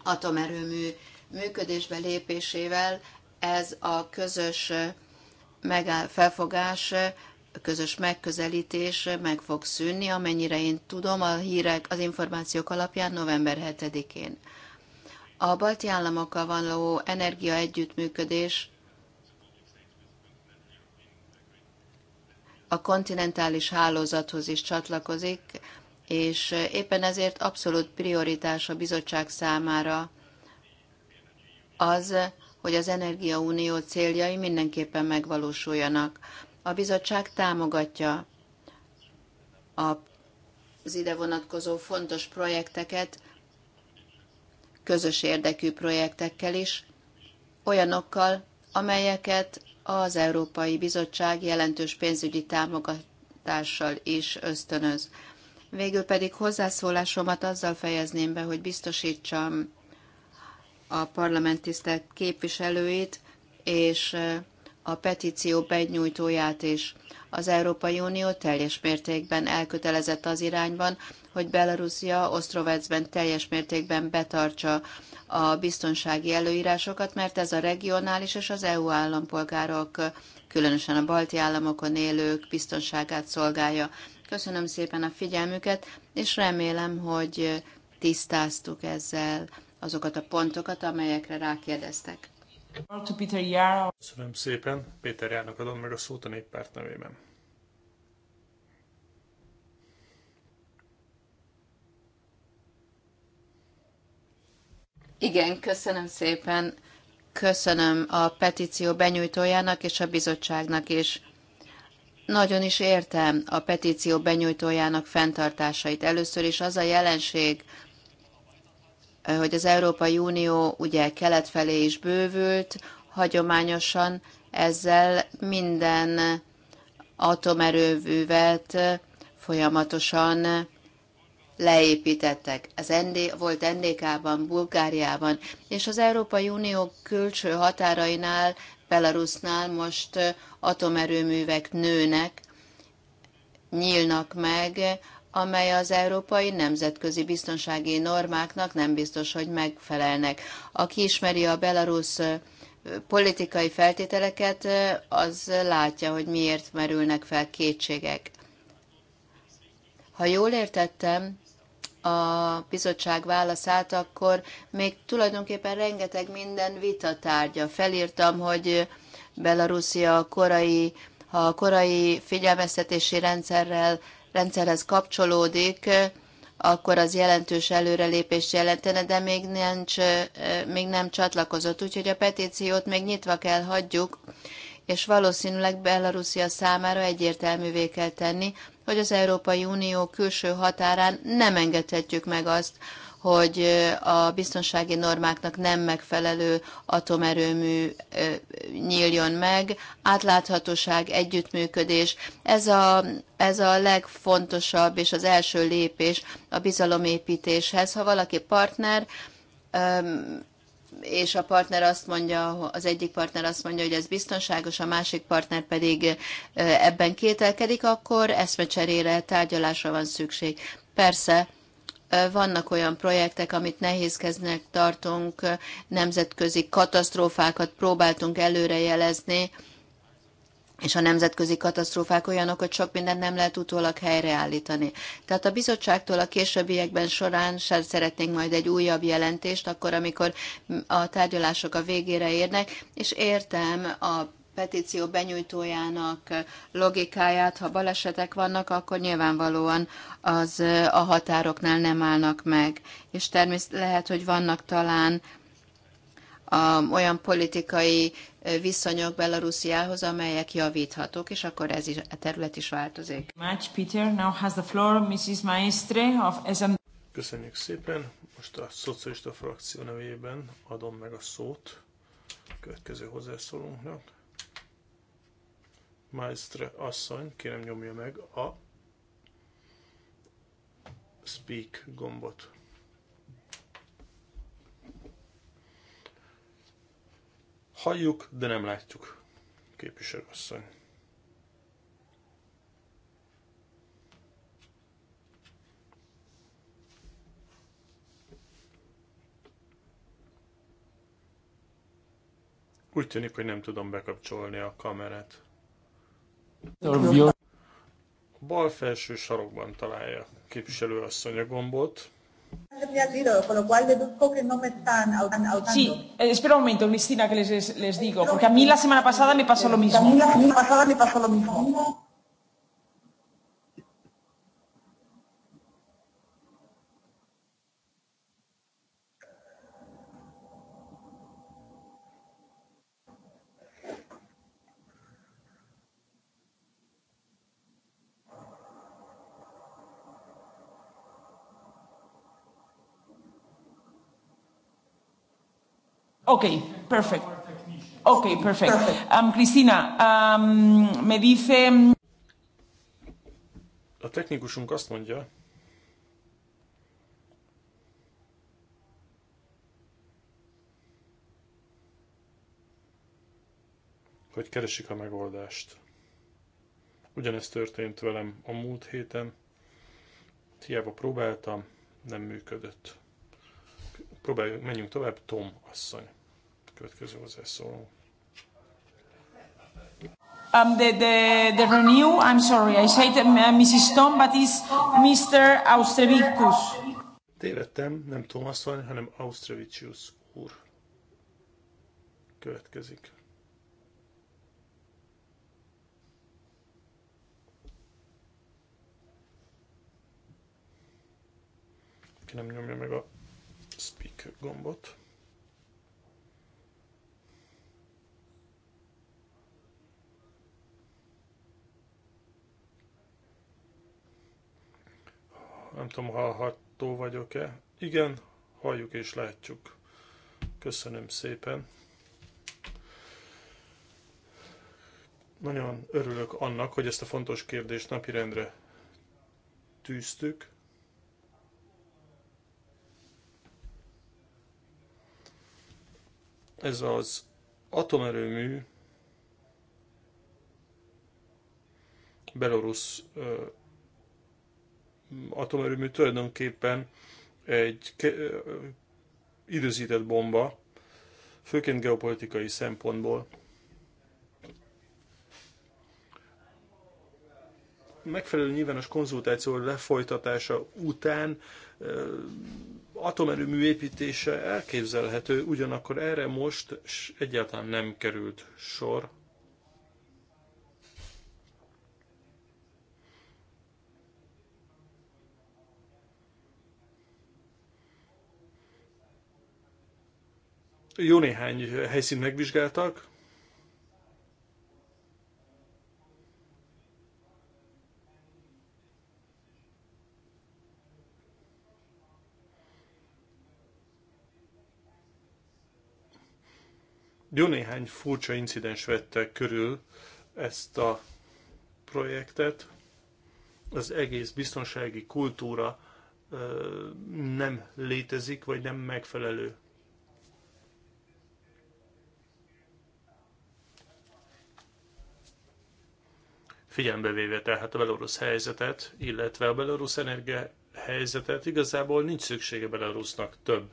atomerőmű működésbe lépésével ez a közös megáll, felfogás, közös megközelítés meg fog szűnni, amennyire én tudom, a hírek, az információk alapján november 7-én. A balti államokkal való energia együttműködés a kontinentális hálózathoz is csatlakozik, és éppen ezért abszolút prioritás a bizottság számára az, hogy az Energiaunió céljai mindenképpen megvalósuljanak. A bizottság támogatja az ide vonatkozó fontos projekteket, közös érdekű projektekkel is, olyanokkal, amelyeket az Európai Bizottság jelentős pénzügyi támogatással is ösztönöz. Végül pedig hozzászólásomat azzal fejezném be, hogy biztosítsam a parlament tisztelt képviselőit és a petíció benyújtóját is. Az Európai Unió teljes mértékben elkötelezett az irányban, hogy Belarusia Osztrovecben teljes mértékben betartsa a biztonsági előírásokat, mert ez a regionális és az EU állampolgárok, különösen a balti államokon élők biztonságát szolgálja. Köszönöm szépen a figyelmüket, és remélem, hogy tisztáztuk ezzel azokat a pontokat, amelyekre rákérdeztek. Köszönöm szépen. Péter Járnak adom meg a szót a néppárt nevében. Igen, köszönöm szépen. Köszönöm a petíció benyújtójának és a bizottságnak is. Nagyon is értem a petíció benyújtójának fenntartásait. Először is az a jelenség, hogy az Európai Unió ugye kelet felé is bővült, hagyományosan ezzel minden atomerővűvet folyamatosan leépítettek. Az ND, volt NDK-ban, Bulgáriában, és az Európai Unió külső határainál, Belarusnál most atomerőművek nőnek, nyílnak meg amely az európai nemzetközi biztonsági normáknak nem biztos, hogy megfelelnek. Aki ismeri a belarusz politikai feltételeket, az látja, hogy miért merülnek fel kétségek. Ha jól értettem a bizottság válaszát, akkor még tulajdonképpen rengeteg minden tárgya. Felírtam, hogy Belarusia korai, ha a korai figyelmeztetési rendszerrel rendszerhez kapcsolódik, akkor az jelentős előrelépést jelentene, de még, nincs, még nem csatlakozott. Úgyhogy a petíciót még nyitva kell hagyjuk, és valószínűleg Belarusia számára egyértelművé kell tenni, hogy az Európai Unió külső határán nem engedhetjük meg azt, hogy a biztonsági normáknak nem megfelelő atomerőmű nyíljon meg, átláthatóság, együttműködés. Ez a, ez a legfontosabb és az első lépés a bizalomépítéshez. Ha valaki partner, és a partner azt mondja, az egyik partner azt mondja, hogy ez biztonságos, a másik partner pedig ebben kételkedik, akkor eszmecserére, tárgyalásra van szükség. Persze, vannak olyan projektek, amit nehézkeznek tartunk, nemzetközi katasztrófákat próbáltunk előrejelezni, és a nemzetközi katasztrófák olyanok, hogy sok mindent nem lehet utólag helyreállítani. Tehát a bizottságtól a későbbiekben során sem szeretnénk majd egy újabb jelentést, akkor, amikor a tárgyalások a végére érnek, és értem a petíció benyújtójának logikáját, ha balesetek vannak, akkor nyilvánvalóan az a határoknál nem állnak meg. És természetesen lehet, hogy vannak talán a, olyan politikai viszonyok Belarusziához, amelyek javíthatók, és akkor ez is, a e terület is változik. Köszönjük szépen. Most a szocialista frakció nevében adom meg a szót következő hozzászólónknak. Maestre asszony, kérem nyomja meg a Speak gombot. Halljuk, de nem látjuk, asszony. Úgy tűnik, hogy nem tudom bekapcsolni a kamerát. Bal felső sarokban találja képviselő asszony a gombot. Sí, eh, espera un momento, Cristina, que les, les digo, porque a mí la semana pasada me pasó lo mismo. A mí la semana pasada me pasó lo mismo. Okay, perfect. Okay, perfect. Um, Cristina, um, me dice... Mm, a technikusunk azt mondja, hogy keresik a megoldást. Ugyanezt történt velem a múlt héten, hiába próbáltam, nem működött. Próbáljuk, menjünk tovább, Tom asszony. Következő hozzászóló. Um, the, the, the renew, I'm sorry, I said uh, Mrs. Tom, but it's Mr. Austrevicus. Tévedtem, nem Thomas van, hanem Austrevicius úr. Következik. Ki nem nyomja meg a speak gombot. Nem tudom, hallható vagyok-e. Igen, halljuk és látjuk. Köszönöm szépen. Nagyon örülök annak, hogy ezt a fontos kérdést napirendre tűztük. Ez az atomerőmű Belarus atomerőmű tulajdonképpen egy időzített bomba, főként geopolitikai szempontból. Megfelelő nyilvános konzultáció lefolytatása után atomerőmű építése elképzelhető, ugyanakkor erre most egyáltalán nem került sor. Jó néhány helyszínt megvizsgáltak. Jó néhány furcsa incidens vette körül ezt a projektet. Az egész biztonsági kultúra nem létezik, vagy nem megfelelő figyelembe véve tehát a belorusz helyzetet, illetve a belorusz energia helyzetet, igazából nincs szüksége belorusznak több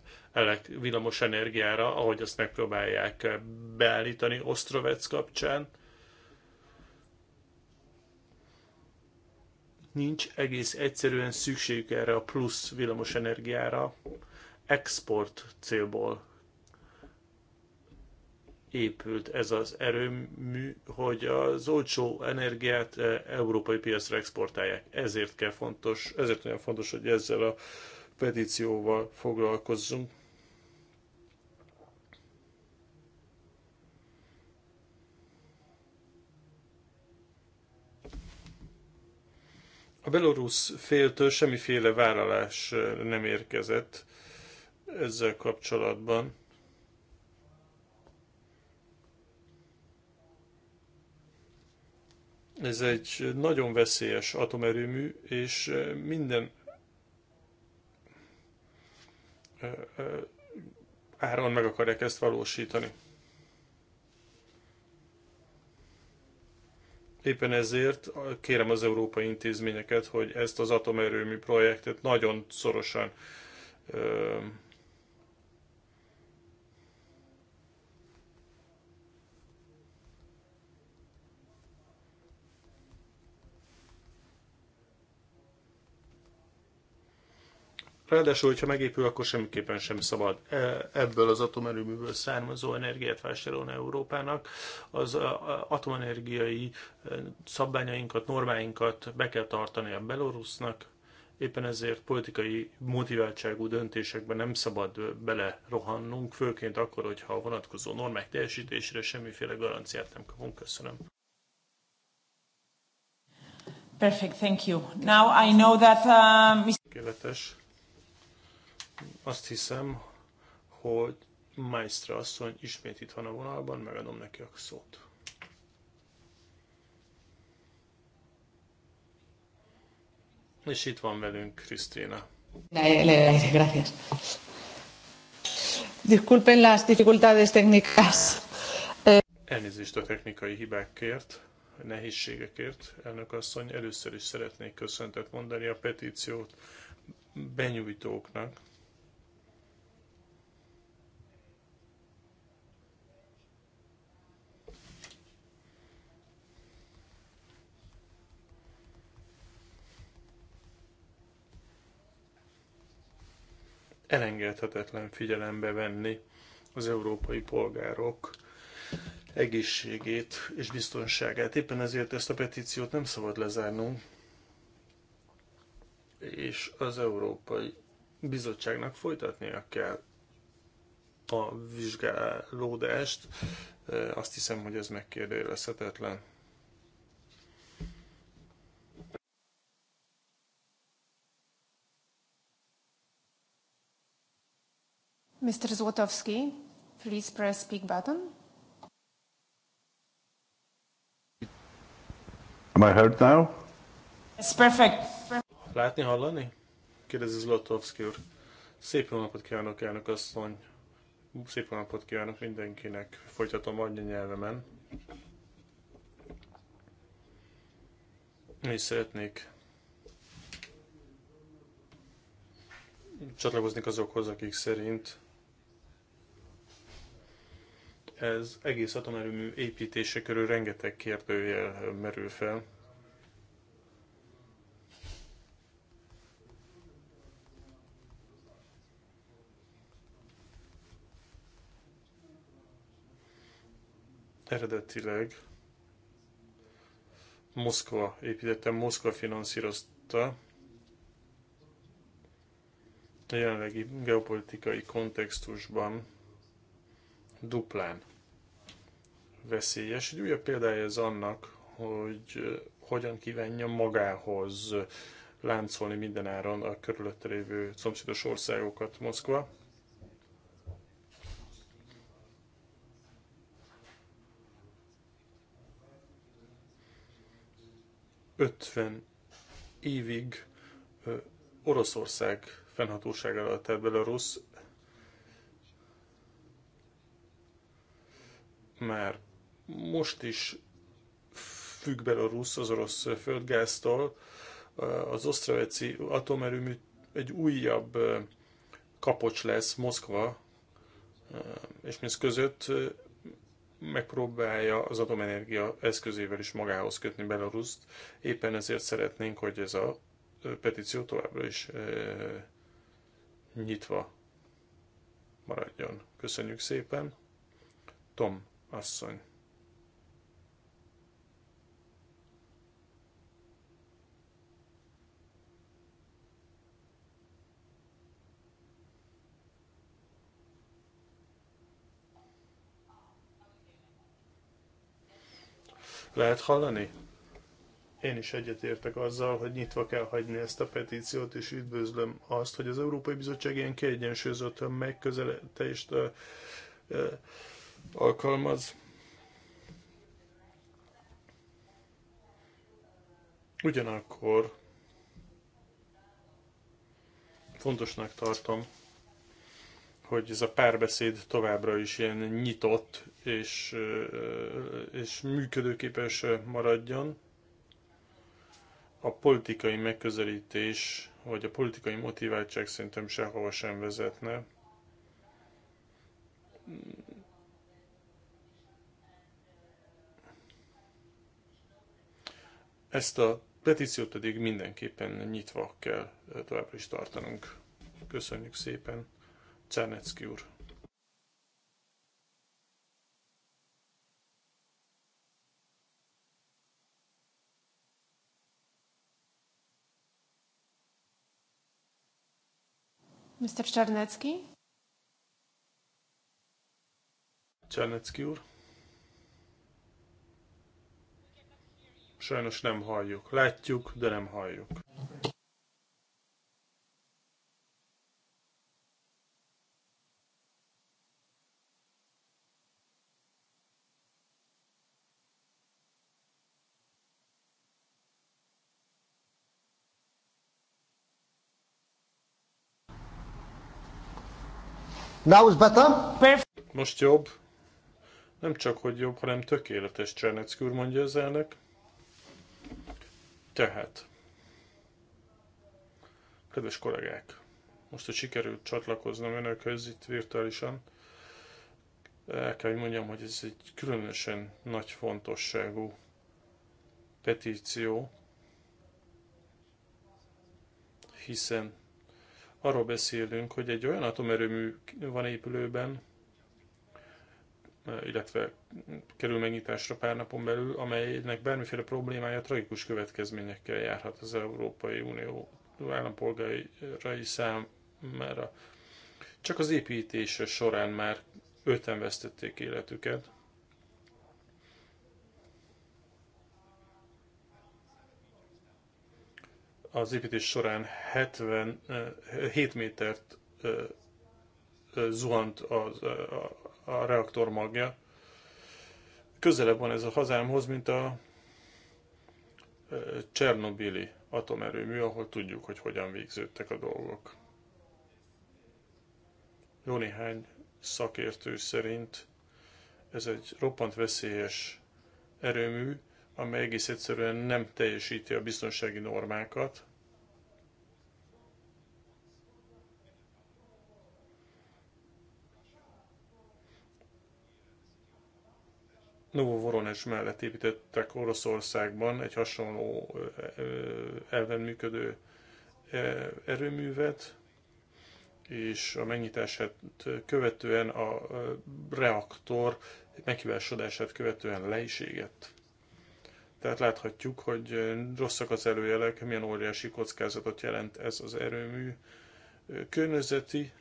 villamos energiára, ahogy azt megpróbálják beállítani Osztrovec kapcsán. Nincs egész egyszerűen szükségük erre a plusz villamos energiára export célból épült ez az erőmű, hogy az olcsó energiát eh, európai piacra exportálják. Ezért kell fontos, ezért olyan fontos, hogy ezzel a petícióval foglalkozzunk. A belorusz féltől semmiféle vállalás eh, nem érkezett ezzel kapcsolatban. Ez egy nagyon veszélyes atomerőmű, és minden áron meg akarják ezt valósítani. Éppen ezért kérem az európai intézményeket, hogy ezt az atomerőmű projektet nagyon szorosan Ráadásul, hogyha megépül, akkor semmiképpen sem szabad e, ebből az atomerőműből származó energiát vásárolni Európának. Az atomenergiai e, szabványainkat, normáinkat be kell tartani a belorusznak, éppen ezért politikai motiváltságú döntésekben nem szabad bele rohannunk, főként akkor, hogyha a vonatkozó normák teljesítésére semmiféle garanciát nem kapunk. Köszönöm. Perfect, thank you. Now I know that... Uh, azt hiszem, hogy Maestra asszony ismét itt van a vonalban, megadom neki a szót. És itt van velünk Krisztina. Gracias. Disculpen las dificultades técnicas. Elnézést a technikai hibákért, a nehézségekért. Elnök asszony, először is szeretnék köszöntet mondani a petíciót benyújtóknak, elengedhetetlen figyelembe venni az európai polgárok egészségét és biztonságát. Éppen ezért ezt a petíciót nem szabad lezárnunk, és az Európai Bizottságnak folytatnia kell a vizsgálódást. Azt hiszem, hogy ez megkérdőjelezhetetlen. Mr. Złotowski, please press speak button. Am I heard now? It's perfect. Látni, hallani? Kérdezi Zlotowski úr. Szép jó napot kívánok, elnök asszony. Szép jó napot kívánok mindenkinek. Folytatom nyelvemen. Mi szeretnék csatlakozni azokhoz, akik szerint ez egész atomerőmű építése körül rengeteg kérdőjel merül fel. Eredetileg Moszkva építette, Moszkva finanszírozta. A jelenlegi geopolitikai kontextusban duplán veszélyes. Egy újabb példája ez annak, hogy hogyan kívánja magához láncolni mindenáron a körülötte lévő szomszédos országokat Moszkva. Ötven évig Oroszország fennhatóság alatt állt Belarus, már most is függ a Rusz az orosz földgáztól, az osztraveci atomerőmű egy újabb kapocs lesz Moszkva és mi között megpróbálja az atomenergia eszközével is magához kötni Belaruszt. Éppen ezért szeretnénk, hogy ez a petíció továbbra is nyitva maradjon. Köszönjük szépen. Tom asszony. Lehet hallani? Én is egyetértek azzal, hogy nyitva kell hagyni ezt a petíciót, és üdvözlöm azt, hogy az Európai Bizottság ilyen kiegyensúlyozott megközelítést alkalmaz. Ugyanakkor fontosnak tartom, hogy ez a párbeszéd továbbra is ilyen nyitott és, és működőképes maradjon. A politikai megközelítés, vagy a politikai motiváltság szerintem sehova sem vezetne. Ezt a petíciót pedig mindenképpen nyitva kell továbbra is tartanunk. Köszönjük szépen! Czernecki úr. Mr. Czernecki? Czernecki úr. Sajnos nem halljuk. Látjuk, de nem halljuk. Now is better? Perfect. Most jobb. Nem csak, hogy jobb, hanem tökéletes, Csernecki úr mondja az elnök. Tehát, kedves kollégák, most, hogy sikerült csatlakoznom önökhöz itt virtuálisan, el kell, hogy mondjam, hogy ez egy különösen nagy fontosságú petíció, hiszen arról beszélünk, hogy egy olyan atomerőmű van épülőben, illetve kerül megnyitásra pár napon belül, amelynek bármiféle problémája tragikus következményekkel járhat az Európai Unió állampolgárai számára. Csak az építése során már öten vesztették életüket. az építés során 70, 7 métert zuhant a, a, a reaktor magja. Közelebb van ez a hazámhoz, mint a Csernobili atomerőmű, ahol tudjuk, hogy hogyan végződtek a dolgok. Jó néhány szakértő szerint ez egy roppant veszélyes erőmű, amely egész egyszerűen nem teljesíti a biztonsági normákat, Voronezs mellett építettek Oroszországban egy hasonló elven működő erőművet, és a megnyitását követően a reaktor meghívásodását követően le is égett. Tehát láthatjuk, hogy rosszak az előjelek, milyen óriási kockázatot jelent ez az erőmű környezeti,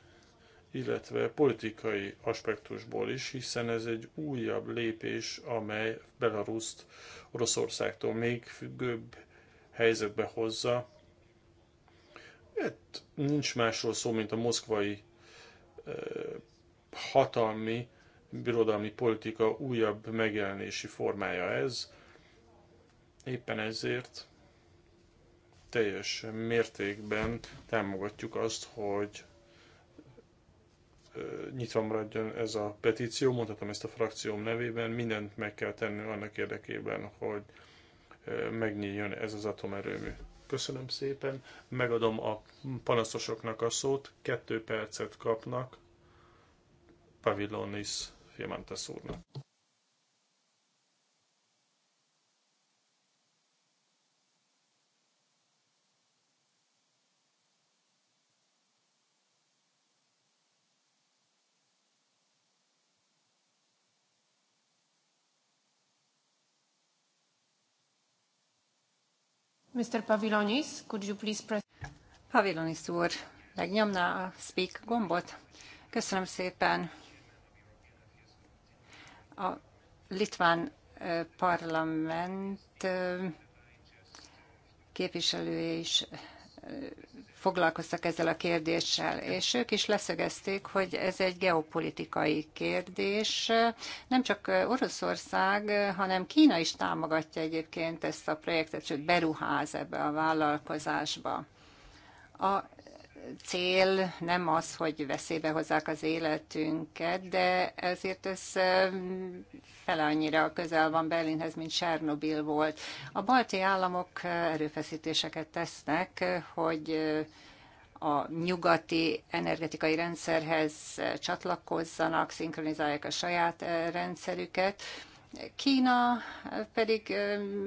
illetve politikai aspektusból is, hiszen ez egy újabb lépés, amely Belaruszt Oroszországtól még függőbb helyzetbe hozza. Itt hát nincs másról szó, mint a moszkvai hatalmi, birodalmi politika újabb megjelenési formája ez, Éppen ezért teljes mértékben támogatjuk azt, hogy nyitva maradjon ez a petíció, mondhatom ezt a frakcióm nevében, mindent meg kell tenni annak érdekében, hogy megnyíljon ez az atomerőmű. Köszönöm szépen, megadom a panaszosoknak a szót, kettő percet kapnak Pavilonis Fiamantas úrnak. Mr. Pavilonis, could you please press... Pavilonis úr, megnyomná a speak gombot? Köszönöm szépen. A litván parlament képviselője is foglalkoztak ezzel a kérdéssel, és ők is leszögezték, hogy ez egy geopolitikai kérdés. Nem csak Oroszország, hanem Kína is támogatja egyébként ezt a projektet, sőt beruház ebbe a vállalkozásba. A cél nem az, hogy veszélybe hozzák az életünket, de ezért ez um, fele annyira közel van Berlinhez, mint Csernobil volt. A balti államok uh, erőfeszítéseket tesznek, uh, hogy uh, a nyugati energetikai rendszerhez csatlakozzanak, szinkronizálják a saját rendszerüket, Kína pedig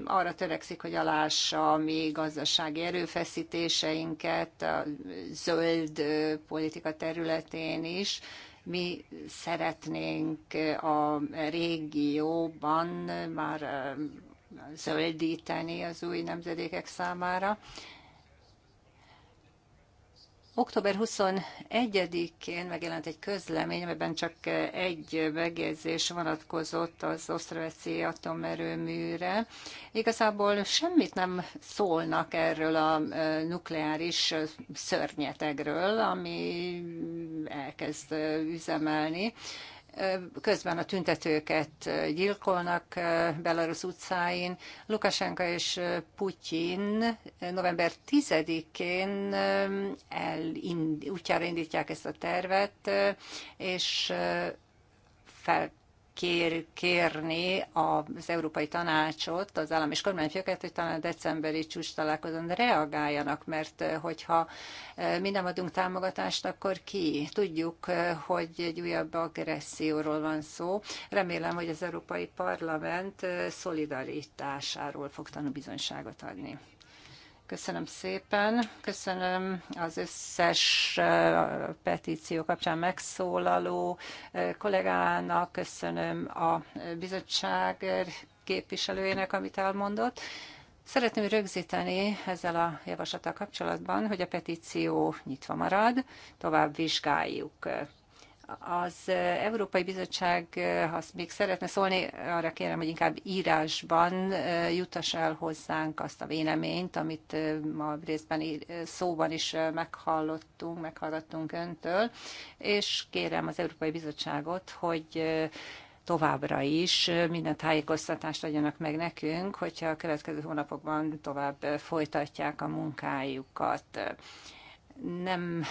arra törekszik, hogy alássa a mi gazdasági erőfeszítéseinket a zöld politika területén is. Mi szeretnénk a régióban már zöldíteni az új nemzedékek számára, Október 21-én megjelent egy közlemény, amiben csak egy megjegyzés vonatkozott az osztraveszi atomerőműre. Igazából semmit nem szólnak erről a nukleáris szörnyetegről, ami elkezd üzemelni. Közben a tüntetőket gyilkolnak Belarus utcáin. Lukasenka és Putyin november 10-én elind, útjára indítják ezt a tervet, és fel kér, kérni az Európai Tanácsot, az állam és kormányfőket, hogy talán a decemberi csúcs találkozón reagáljanak, mert eh, hogyha eh, mi nem adunk támogatást, akkor ki? Tudjuk, eh, hogy egy újabb agresszióról van szó. Remélem, hogy az Európai Parlament szolidaritásáról fog bizonyságot adni. Köszönöm szépen. Köszönöm az összes petíció kapcsán megszólaló kollégának, köszönöm a bizottság képviselőjének, amit elmondott. Szeretném rögzíteni ezzel a javaslattal kapcsolatban, hogy a petíció nyitva marad, tovább vizsgáljuk. Az Európai Bizottság, ha azt még szeretne szólni, arra kérem, hogy inkább írásban jutass el hozzánk azt a véleményt, amit ma részben szóban is meghallottunk, meghallgattunk öntől, és kérem az Európai Bizottságot, hogy továbbra is minden tájékoztatást adjanak meg nekünk, hogyha a következő hónapokban tovább folytatják a munkájukat. Nem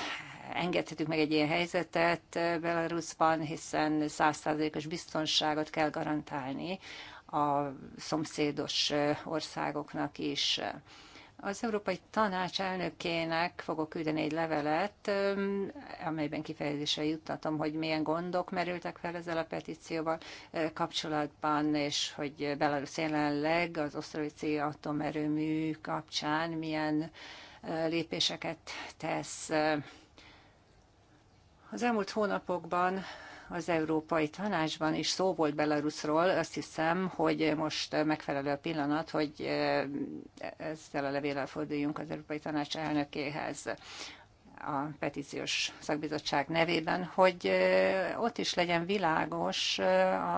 engedhetünk meg egy ilyen helyzetet eh, Belarusban, hiszen százszázalékos biztonságot kell garantálni a szomszédos eh, országoknak is. Az Európai Tanács elnökének fogok küldeni egy levelet, eh, amelyben kifejezésre juttatom, hogy milyen gondok merültek fel ezzel a petícióval kapcsolatban, és hogy Belarus jelenleg az osztrovici atomerőmű kapcsán milyen lépéseket tesz az elmúlt hónapokban az Európai Tanácsban is szó volt Belarusról. Azt hiszem, hogy most megfelelő a pillanat, hogy eh, ezzel a levéllel forduljunk az Európai Tanács elnökéhez a petíciós szakbizottság nevében, hogy ott is legyen világos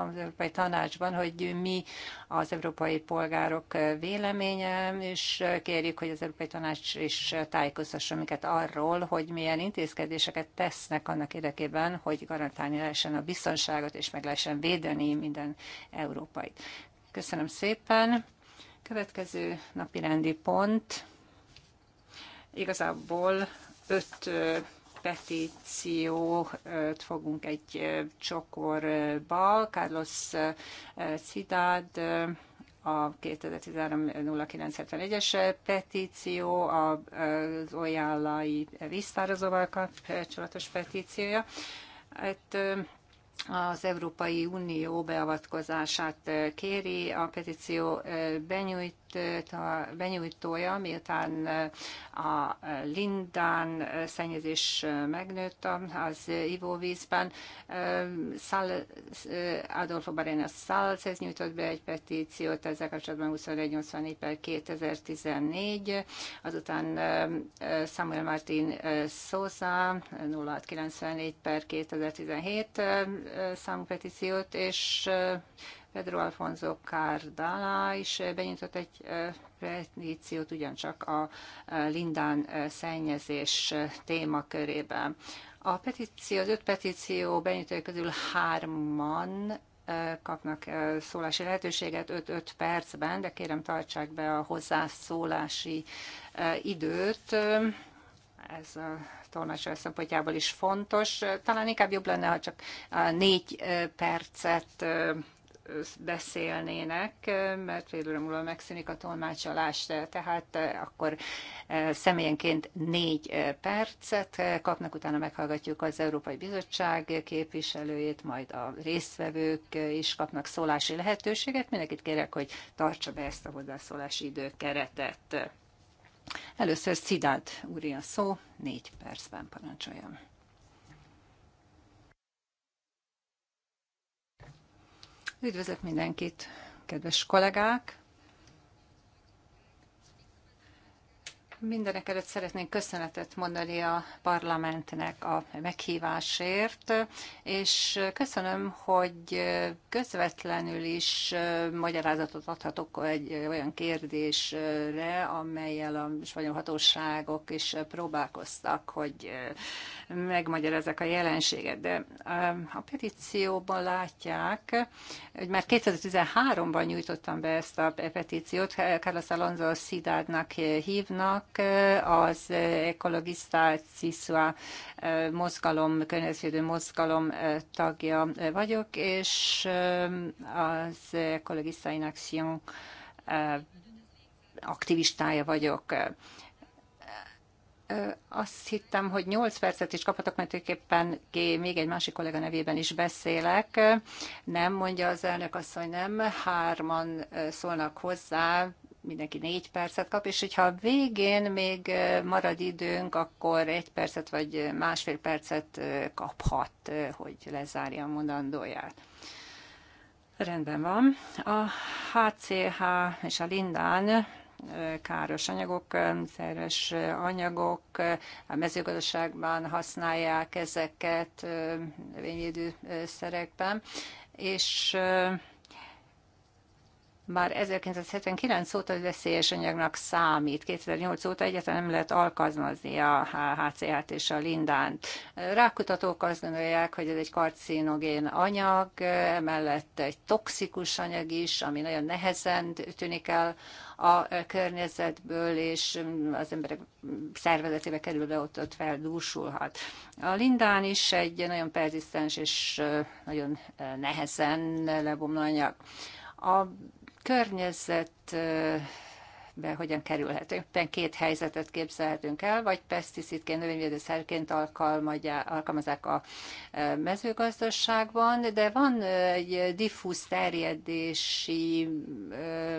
az Európai Tanácsban, hogy mi az európai polgárok véleménye, és kérjük, hogy az Európai Tanács is tájékoztasson minket arról, hogy milyen intézkedéseket tesznek annak érdekében, hogy garantálni lehessen a biztonságot, és meg lehessen védeni minden európait. Köszönöm szépen! Következő napi rendi pont igazából öt petíciót fogunk egy csokorba. Carlos Cidad, a 2013-0971-es petíció, az olyállai víztározóval kapcsolatos petíciója. Hát, az Európai Unió beavatkozását kéri a petíció benyújt a benyújtója, miután eh, a eh, lindán eh, szennyezés megnőtt az ivóvízben, Adolfo Barena Salcez nyújtott be egy petíciót ezzel kapcsolatban 2184 per 2014, azután Samuel Martin Sosa 0694 per 2017 számú petíciót, és Pedro Alfonso Cardala is eh, benyújtott egy eh, petíciót ugyancsak a eh, Lindán szennyezés témakörében. A petíció, az öt petíció benyújtói közül hárman kapnak szólási lehetőséget 5-5 percben, de kérem tartsák be a hozzászólási időt ez a tolmácsolás szempontjából is fontos. Talán inkább jobb lenne, ha csak négy percet beszélnének, mert fél óra múlva megszűnik a tolmácsolás, tehát eh, akkor eh, személyenként négy eh, percet kapnak, utána meghallgatjuk az Európai Bizottság képviselőjét, majd a résztvevők is kapnak szólási lehetőséget. Mindenkit kérek, hogy tartsa be ezt a hozzászólási időkeretet. Először Szidát úri a szó, négy percben parancsoljon. Üdvözlök mindenkit, kedves kollégák! Mindenek előtt szeretnék köszönetet mondani a parlamentnek a meghívásért, és köszönöm, hogy közvetlenül is magyarázatot adhatok egy olyan kérdésre, amelyel a spanyol hatóságok is próbálkoztak, hogy megmagyarázzák a jelenséget. De um, a petícióban látják, hogy már 2013-ban nyújtottam be ezt a petíciót, Carlos Alonso Szidádnak hívnak, az ekologista CISUA mozgalom, környezetvédő mozgalom tagja vagyok, és az ekologista in action aktivistája vagyok. Azt hittem, hogy 8 percet is kaphatok, mert tulajdonképpen még egy másik kollega nevében is beszélek. Nem, mondja az elnök asszony, nem. Hárman szólnak hozzá, mindenki négy percet kap, és hogyha a végén még marad időnk, akkor egy percet vagy másfél percet kaphat, hogy lezárja a mondandóját. Rendben van. A HCH és a Lindán káros anyagok, szerves anyagok, a mezőgazdaságban használják ezeket szerekben, és bár 1979 óta veszélyes anyagnak számít, 2008 óta egyáltalán nem lehet alkalmazni a HCH-t és a lindánt. Rákutatók azt gondolják, hogy ez egy karcinogén anyag, emellett egy toxikus anyag is, ami nagyon nehezen tűnik el a környezetből, és az emberek szervezetébe kerül be, ott, ott feldúsulhat. A lindán is egy nagyon perzisztens és nagyon nehezen lebomló anyag. A környezetbe hogyan kerülhet. Éppen két helyzetet képzelhetünk el, vagy peszticidként, növényvédőszerként alkalmazák a e, mezőgazdaságban, de van e, egy diffúz terjedési e,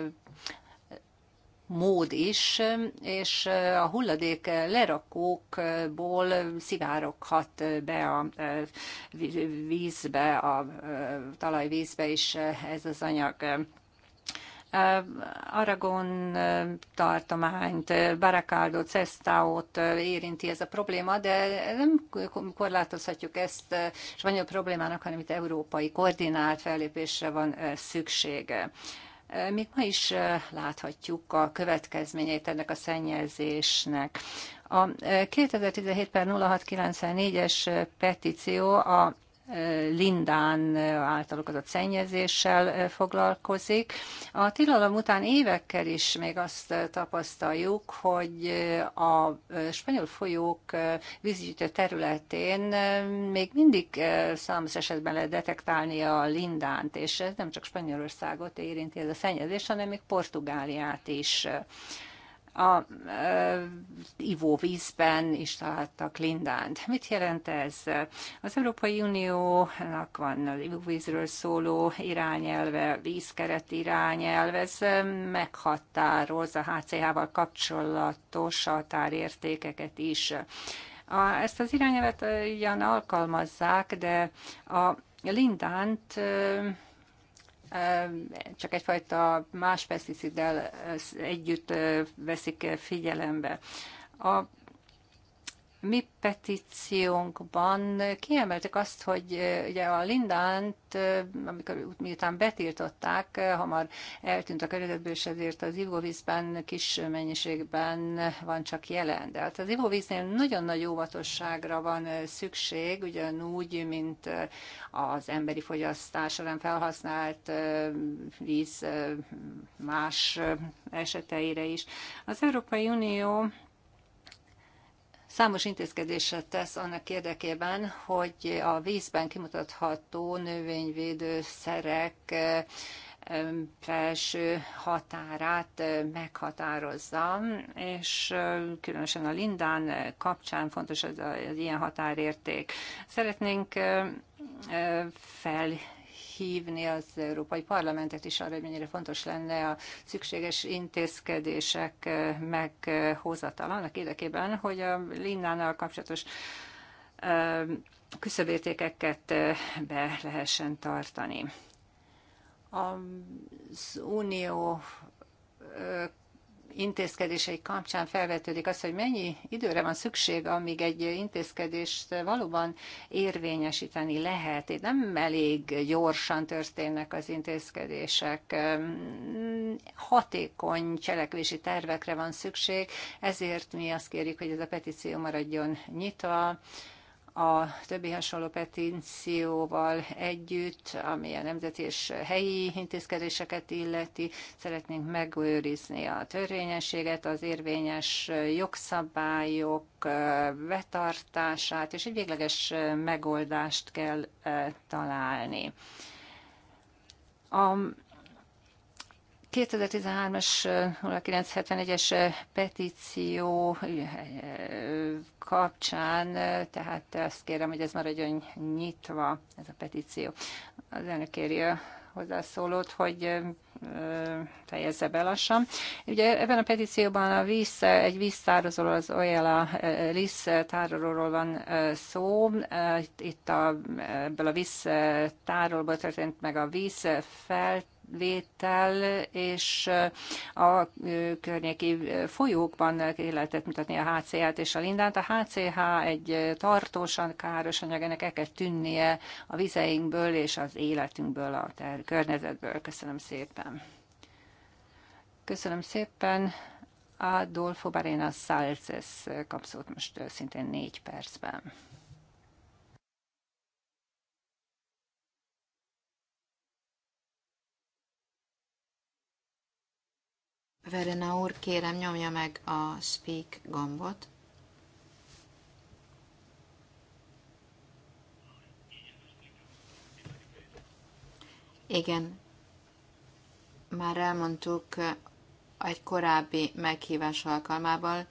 mód is, és a hulladék lerakókból szivároghat be a vízbe, a talajvízbe is ez az anyag. Aragon tartományt, Barakaldot, Cestaót érinti ez a probléma, de nem korlátozhatjuk ezt spanyol problémának, hanem itt európai koordinált fellépésre van szüksége. Még ma is láthatjuk a következményeit ennek a szennyezésnek. A 2017 per 0694-es petíció a Lindán által okozott szennyezéssel foglalkozik. A tilalom után évekkel is még azt tapasztaljuk, hogy a spanyol folyók vízgyűjtő területén még mindig számos esetben lehet detektálni a Lindánt, és ez nem csak Spanyolországot érinti ez a szennyezés, hanem még Portugáliát is a e, ivóvízben is találtak lindánt. Hát mit jelent ez? Az Európai Uniónak van az ivóvízről szóló irányelve, vízkeret irányelve, ez meghatároz a HCH-val kapcsolatos határértékeket is. A, ezt az irányelvet ugyan alkalmazzák, de a lindánt e, csak egyfajta más peszticiddel eh, együtt eh, veszik eh, figyelembe. A mi petíciónkban kiemeltük azt, hogy ugye a Lindánt, amikor miután betiltották, hamar eltűnt a környezetből, és ezért az ivóvízben kis mennyiségben van csak jelen. De hát az ivóvíznél nagyon nagy óvatosságra van szükség, ugyanúgy, mint az emberi fogyasztás során felhasznált víz más eseteire is. Az Európai Unió számos intézkedésre tesz annak érdekében, hogy a vízben kimutatható növényvédőszerek felső határát meghatározza, és különösen a Lindán kapcsán fontos az, az ilyen határérték. Szeretnénk fel hívni az Európai Parlamentet is arra, hogy mennyire fontos lenne a szükséges intézkedések meghozatal. annak érdekében, hogy a Linnánál kapcsolatos küszöbértékeket be lehessen tartani. Az unió intézkedései kapcsán felvetődik az, hogy mennyi időre van szükség, amíg egy intézkedést valóban érvényesíteni lehet. Itt nem elég gyorsan történnek az intézkedések. Hatékony cselekvési tervekre van szükség, ezért mi azt kérjük, hogy ez a petíció maradjon nyitva, a többi hasonló petícióval együtt, ami a nemzeti és helyi intézkedéseket illeti, szeretnénk megőrizni a törvényességet, az érvényes jogszabályok betartását, és egy végleges megoldást kell találni. A 2013 es 0971-es petíció kapcsán, tehát azt kérem, hogy ez maradjon nyitva, ez a petíció. Az elnök kéri a hozzászólót, hogy fejezze be lassan. Ugye ebben a petícióban a víz, egy víztározóról, az Oyela Lisz tárolóról van szó. Itt a, ebből a víztárolóból történt meg a víz felt vétel, és a környéki folyókban ki lehetett mutatni a HCH-t és a lindánt. A HCH egy tartósan káros anyag, ennek el kell tűnnie a vizeinkből és az életünkből, a környezetből. Köszönöm szépen. Köszönöm szépen. Adolfo Barena Salces kapszót most szintén négy percben. Verena úr, kérem nyomja meg a speak gombot. Igen, már elmondtuk egy korábbi meghívás alkalmával,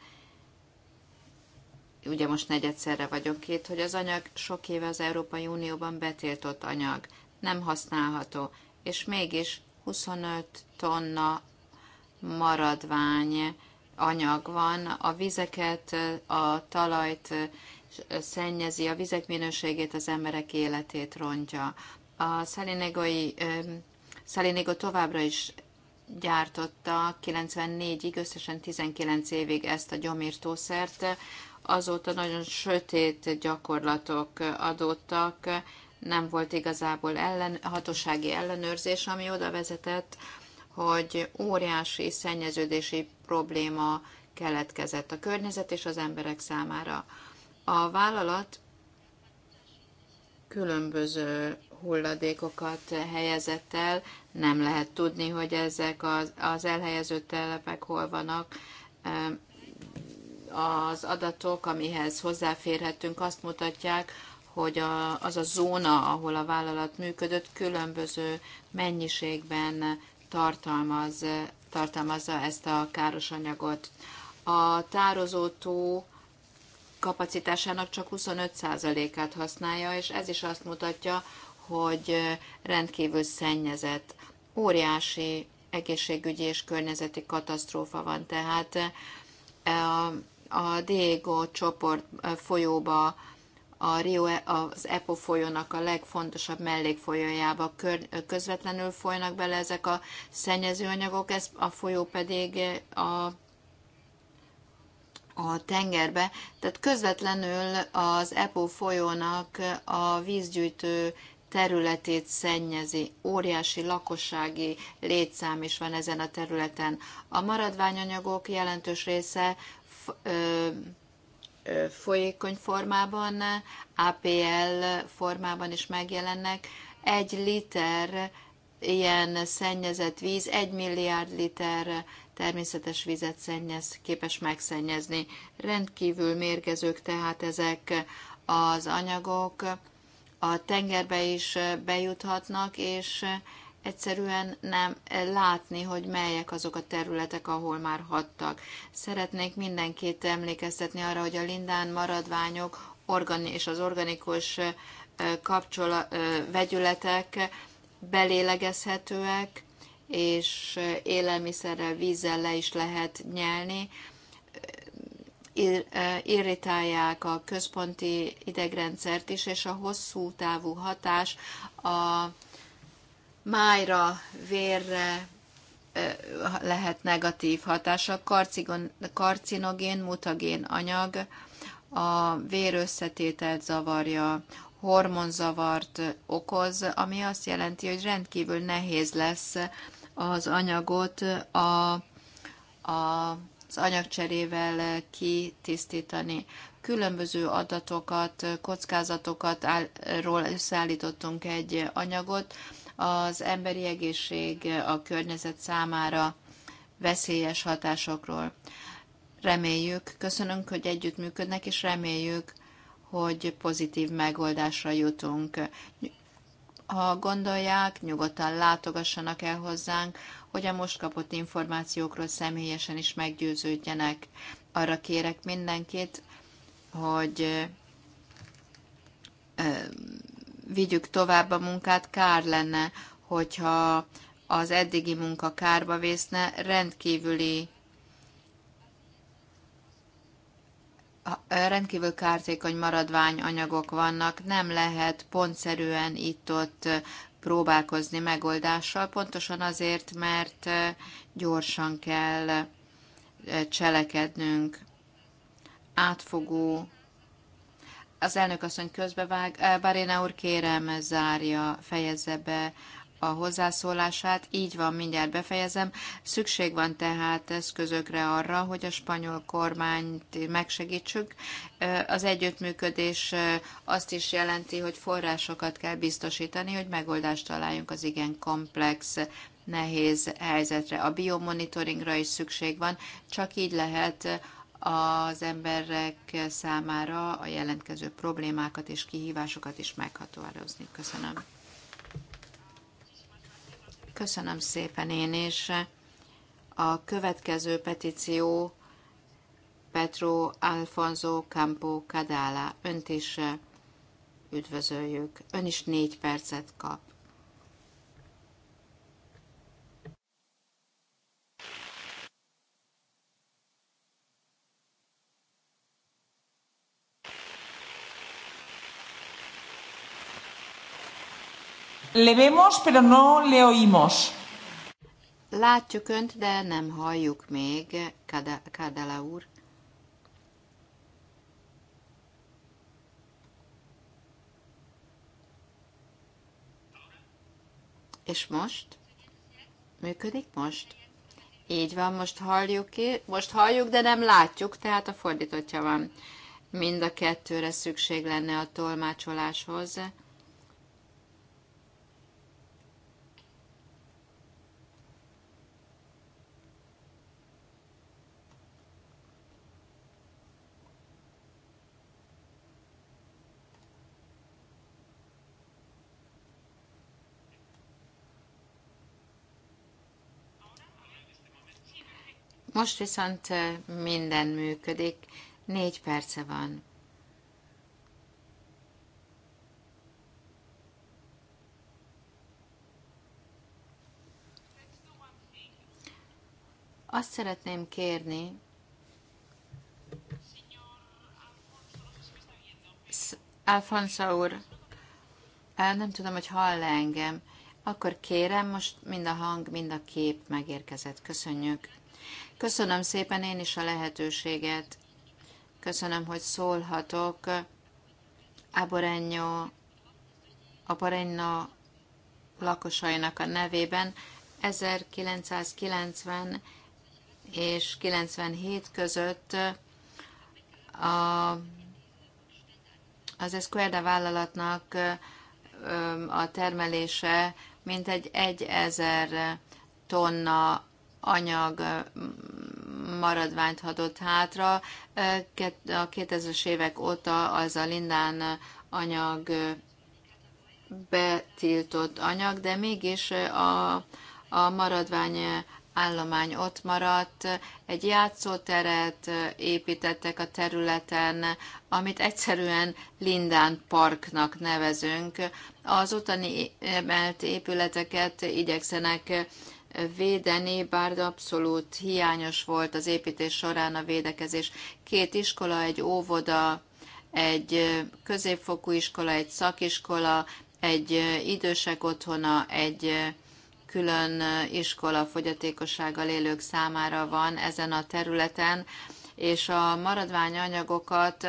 ugye most negyedszerre vagyok itt, hogy az anyag sok éve az Európai Unióban betiltott anyag, nem használható, és mégis 25 tonna maradvány anyag van, a vizeket, a talajt szennyezi, a vizek minőségét, az emberek életét rontja. A Szalinegoi, Szalinego továbbra is gyártotta 94-ig, összesen 19 évig ezt a gyomírtószert. Azóta nagyon sötét gyakorlatok adódtak, nem volt igazából ellen, hatósági ellenőrzés, ami oda vezetett, hogy óriási szennyeződési probléma keletkezett a környezet és az emberek számára. A vállalat különböző hulladékokat helyezett el, nem lehet tudni, hogy ezek az, az elhelyezett telepek hol vannak. Az adatok, amihez hozzáférhetünk, azt mutatják, hogy a, az a zóna, ahol a vállalat működött, különböző mennyiségben tartalmaz, tartalmazza ezt a káros anyagot. A tározótó kapacitásának csak 25%-át használja, és ez is azt mutatja, hogy rendkívül szennyezett. Óriási egészségügyi és környezeti katasztrófa van, tehát a Diego csoport folyóba a Rio, az EPO folyónak a legfontosabb mellékfolyójába közvetlenül folynak bele ezek a szennyezőanyagok, ez a folyó pedig eh, a a tengerbe, tehát közvetlenül az EPO folyónak a vízgyűjtő területét szennyezi. Óriási lakossági létszám is van ezen a területen. A maradványanyagok jelentős része ö, folyékony formában, APL formában is megjelennek. Egy liter ilyen szennyezett víz, egy milliárd liter természetes vizet szennyez, képes megszennyezni. Rendkívül mérgezők tehát ezek az anyagok, a tengerbe is bejuthatnak, és egyszerűen nem látni, hogy melyek azok a területek, ahol már hattak. Szeretnék mindenkit emlékeztetni arra, hogy a lindán maradványok organi- és az organikus kapcsolat vegyületek belélegezhetőek, és élelmiszerrel, vízzel le is lehet nyelni. Irritálják a központi idegrendszert is, és a hosszú távú hatás a májra, vérre lehet negatív hatása. karcinogén, mutagén anyag a vérösszetételt zavarja, hormonzavart okoz, ami azt jelenti, hogy rendkívül nehéz lesz az anyagot a, a az anyagcserével kitisztítani. Különböző adatokat, kockázatokat áll, ról összeállítottunk egy anyagot, az emberi egészség, a környezet számára veszélyes hatásokról. Reméljük, köszönünk, hogy együttműködnek, és reméljük, hogy pozitív megoldásra jutunk. Ha gondolják, nyugodtan látogassanak el hozzánk, hogy a most kapott információkról személyesen is meggyőződjenek. Arra kérek mindenkit, hogy vigyük tovább a munkát, kár lenne, hogyha az eddigi munka kárba vészne, rendkívüli rendkívül kártékony maradvány anyagok vannak, nem lehet pontszerűen itt-ott próbálkozni megoldással, pontosan azért, mert gyorsan kell cselekednünk. Átfogó az elnök asszony közbevág. Eh, Baréna úr, kérem, zárja, fejezze be a hozzászólását. Így van, mindjárt befejezem. Szükség van tehát eszközökre arra, hogy a spanyol kormányt megsegítsük. Eh, az együttműködés eh, azt is jelenti, hogy forrásokat kell biztosítani, hogy megoldást találjunk az igen komplex nehéz helyzetre. A biomonitoringra is szükség van, csak így lehet az emberek számára a jelentkező problémákat és kihívásokat is meghatározni. Köszönöm. Köszönöm szépen én is. A következő petíció Petro Alfonso Campo Cadala. Önt is üdvözöljük. Ön is négy percet kap. Le vemos, pero no le oímos. Látjuk önt, de nem halljuk még, Kadala úr. És most? Működik most? Így van, most halljuk ki, most halljuk, de nem látjuk, tehát a fordítottja van. Mind a kettőre szükség lenne a tolmácsoláshoz. Most viszont minden működik, négy perce van. Azt szeretném kérni, Alfonso úr, nem tudom, hogy hall -e engem, akkor kérem, most mind a hang, mind a kép megérkezett. Köszönjük. Köszönöm szépen én is a lehetőséget. Köszönöm, hogy szólhatok. Aborenyó, Aborenna lakosainak a nevében 1990 és 97 között a, az Esquerda vállalatnak a termelése mintegy 1000 tonna anyag maradványt hagyott hátra. A 2000-es évek óta az a lindán anyag betiltott anyag, de mégis a, a maradvány állomány ott maradt, egy játszóteret építettek a területen, amit egyszerűen Lindán Parknak nevezünk. Az utani emelt épületeket igyekszenek védeni, bár abszolút hiányos volt az építés során a védekezés. Két iskola, egy óvoda, egy középfokú iskola, egy szakiskola, egy idősek otthona, egy külön iskola fogyatékossággal élők számára van ezen a területen, és a maradványanyagokat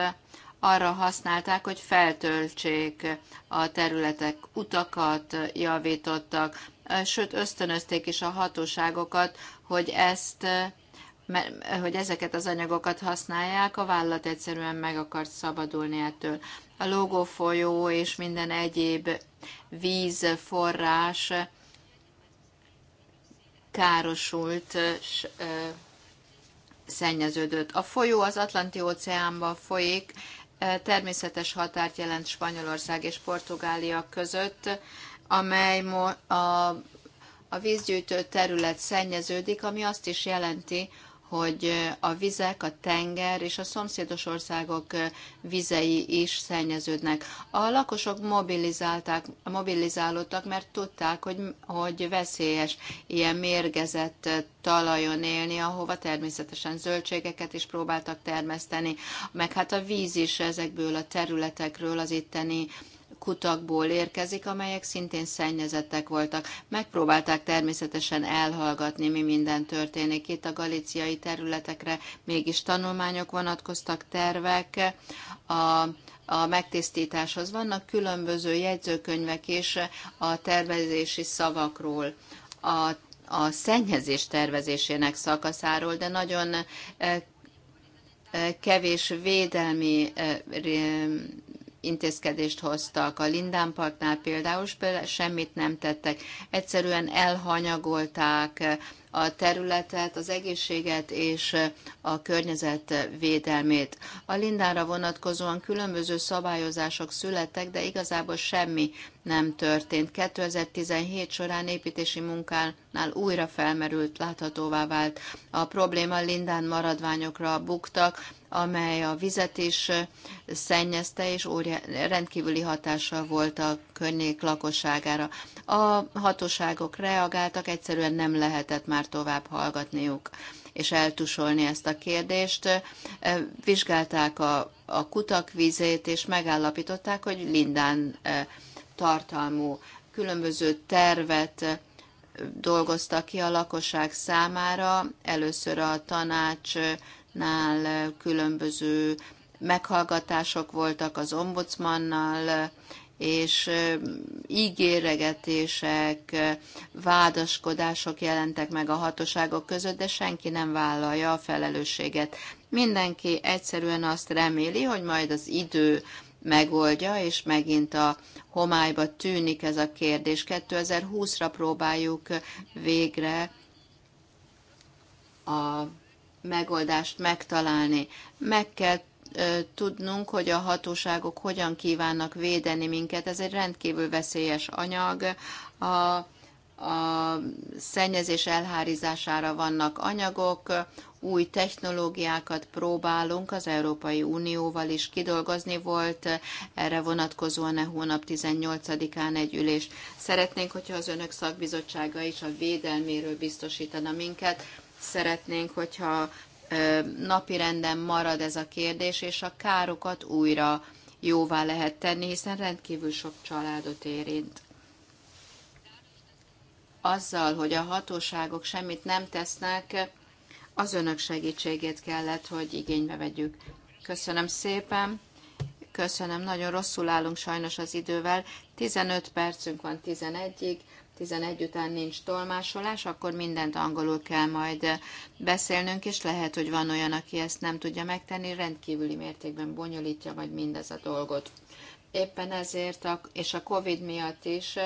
arra használták, hogy feltöltsék a területek, utakat javítottak, sőt ösztönözték is a hatóságokat, hogy ezt hogy ezeket az anyagokat használják, a vállalat egyszerűen meg akart szabadulni ettől. A folyó és minden egyéb vízforrás károsult, szennyeződött. A folyó az Atlanti óceánban folyik, természetes határt jelent Spanyolország és Portugália között, amely a, a vízgyűjtő terület szennyeződik, ami azt is jelenti, hogy a vizek, a tenger és a szomszédos országok vizei is szennyeződnek. A lakosok mobilizálták, mobilizálódtak, mert tudták, hogy, hogy veszélyes ilyen mérgezett talajon élni, ahova természetesen zöldségeket is próbáltak termeszteni, meg hát a víz is ezekből a területekről az itteni kutakból érkezik, amelyek szintén szennyezettek voltak. Megpróbálták természetesen elhallgatni, mi minden történik itt a galiciai területekre, mégis tanulmányok vonatkoztak, tervek, a, a megtisztításhoz. Vannak különböző jegyzőkönyvek és a tervezési szavakról. A a szennyezés tervezésének szakaszáról, de nagyon eh, eh, kevés védelmi eh, intézkedést hoztak. A Lindán Parknál például, például semmit nem tettek. Egyszerűen elhanyagolták a területet, az egészséget és a környezet védelmét. A Lindára vonatkozóan különböző szabályozások születtek, de igazából semmi nem történt. 2017 során építési munkánál újra felmerült, láthatóvá vált a probléma, Lindán maradványokra buktak, amely a vizet is szennyezte, és óriá, rendkívüli hatással volt a környék lakosságára. A hatóságok reagáltak, egyszerűen nem lehetett már tovább hallgatniuk és eltusolni ezt a kérdést. Vizsgálták a, a kutak vizét, és megállapították, hogy lindán tartalmú különböző tervet dolgoztak ki a lakosság számára. Először a tanácsnál különböző meghallgatások voltak az ombudsmannal, és ígéregetések, vádaskodások jelentek meg a hatóságok között, de senki nem vállalja a felelősséget. Mindenki egyszerűen azt reméli, hogy majd az idő megoldja, és megint a homályba tűnik ez a kérdés. 2020-ra próbáljuk végre a megoldást megtalálni. Meg kell tudnunk, hogy a hatóságok hogyan kívánnak védeni minket. Ez egy rendkívül veszélyes anyag. A, a szennyezés elhárizására vannak anyagok, új technológiákat próbálunk az Európai Unióval is kidolgozni volt, erre vonatkozóan a e hónap 18-án egy ülés. Szeretnénk, hogyha az önök szakbizottsága is a védelméről biztosítana minket, szeretnénk, hogyha napirenden marad ez a kérdés, és a károkat újra jóvá lehet tenni, hiszen rendkívül sok családot érint. Azzal, hogy a hatóságok semmit nem tesznek, az önök segítségét kellett, hogy igénybe vegyük. Köszönöm szépen. Köszönöm, nagyon rosszul állunk sajnos az idővel. 15 percünk van 11-ig. 11 után nincs tolmásolás, akkor mindent angolul kell majd beszélnünk, és lehet, hogy van olyan, aki ezt nem tudja megtenni, rendkívüli mértékben bonyolítja majd mindez a dolgot. Éppen ezért, a, és a COVID miatt is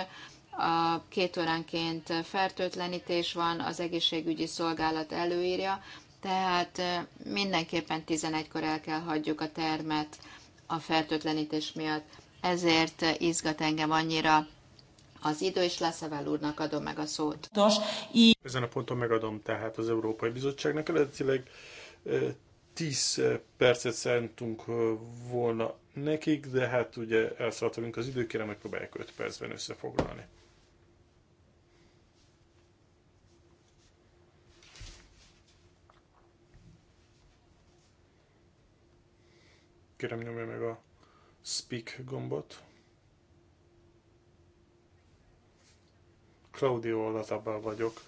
a két óránként fertőtlenítés van, az egészségügyi szolgálat előírja, tehát mindenképpen 11-kor el kell hagyjuk a termet a fertőtlenítés miatt. Ezért izgat engem annyira az idő, és Lászavel úrnak adom meg a szót. Ezen a ponton megadom tehát az Európai Bizottságnak. Eredetileg 10 percet szántunk volna nekik, de hát ugye elszaladtunk az időkére, megpróbálják 5 percben összefoglalni. Kérem nyomja meg a speak gombot. Claudio Latabá vagyok,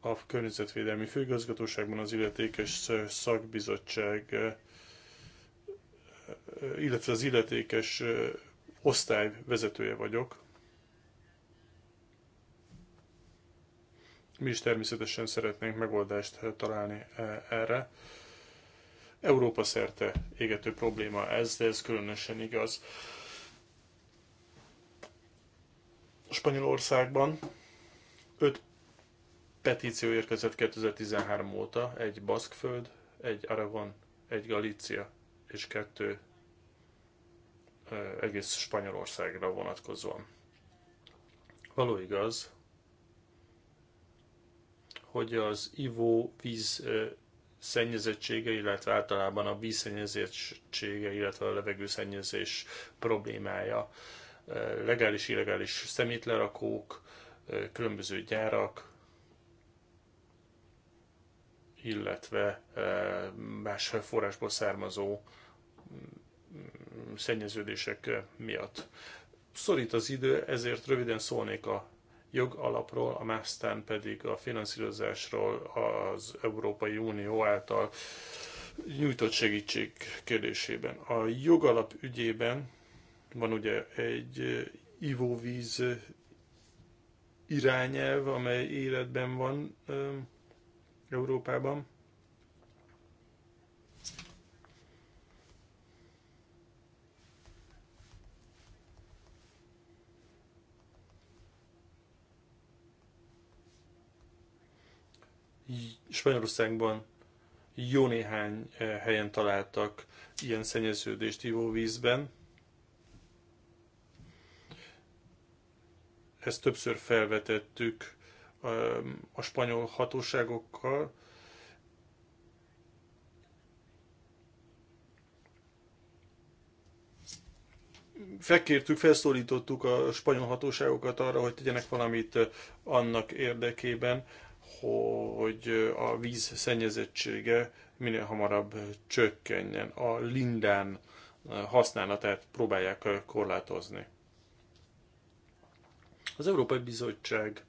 a Környezetvédelmi Főigazgatóságban az illetékes szakbizottság, eh, eh, illetve az illetékes eh, osztály vezetője vagyok. Mi is természetesen szeretnénk megoldást találni erre. Európa szerte égető probléma ez, de ez különösen igaz Spanyolországban 5 petíció érkezett 2013 óta, egy Baszkföld, egy Aragon, egy Galícia és kettő egész Spanyolországra vonatkozóan. Való igaz, hogy az ivóvíz szennyezettsége, illetve általában a vízszennyezettsége, illetve a levegőszennyezés problémája legális, illegális szemétlerakók, különböző gyárak, illetve más forrásból származó mm, szennyeződések miatt. Szorít az idő, ezért röviden szólnék a jogalapról, a másztán pedig a finanszírozásról az Európai Unió által nyújtott segítség kérdésében. A jogalap ügyében van ugye egy ivóvíz irányelv, amely életben van Európában. Spanyolországban jó néhány helyen találtak ilyen szennyeződést ivóvízben. Ezt többször felvetettük um, a spanyol hatóságokkal, Fekértük, felszólítottuk a spanyol hatóságokat arra, hogy tegyenek valamit uh, annak érdekében, hogy uh, a víz szennyezettsége minél hamarabb csökkenjen. A lindán uh, használatát próbálják korlátozni. Az Európai Bizottság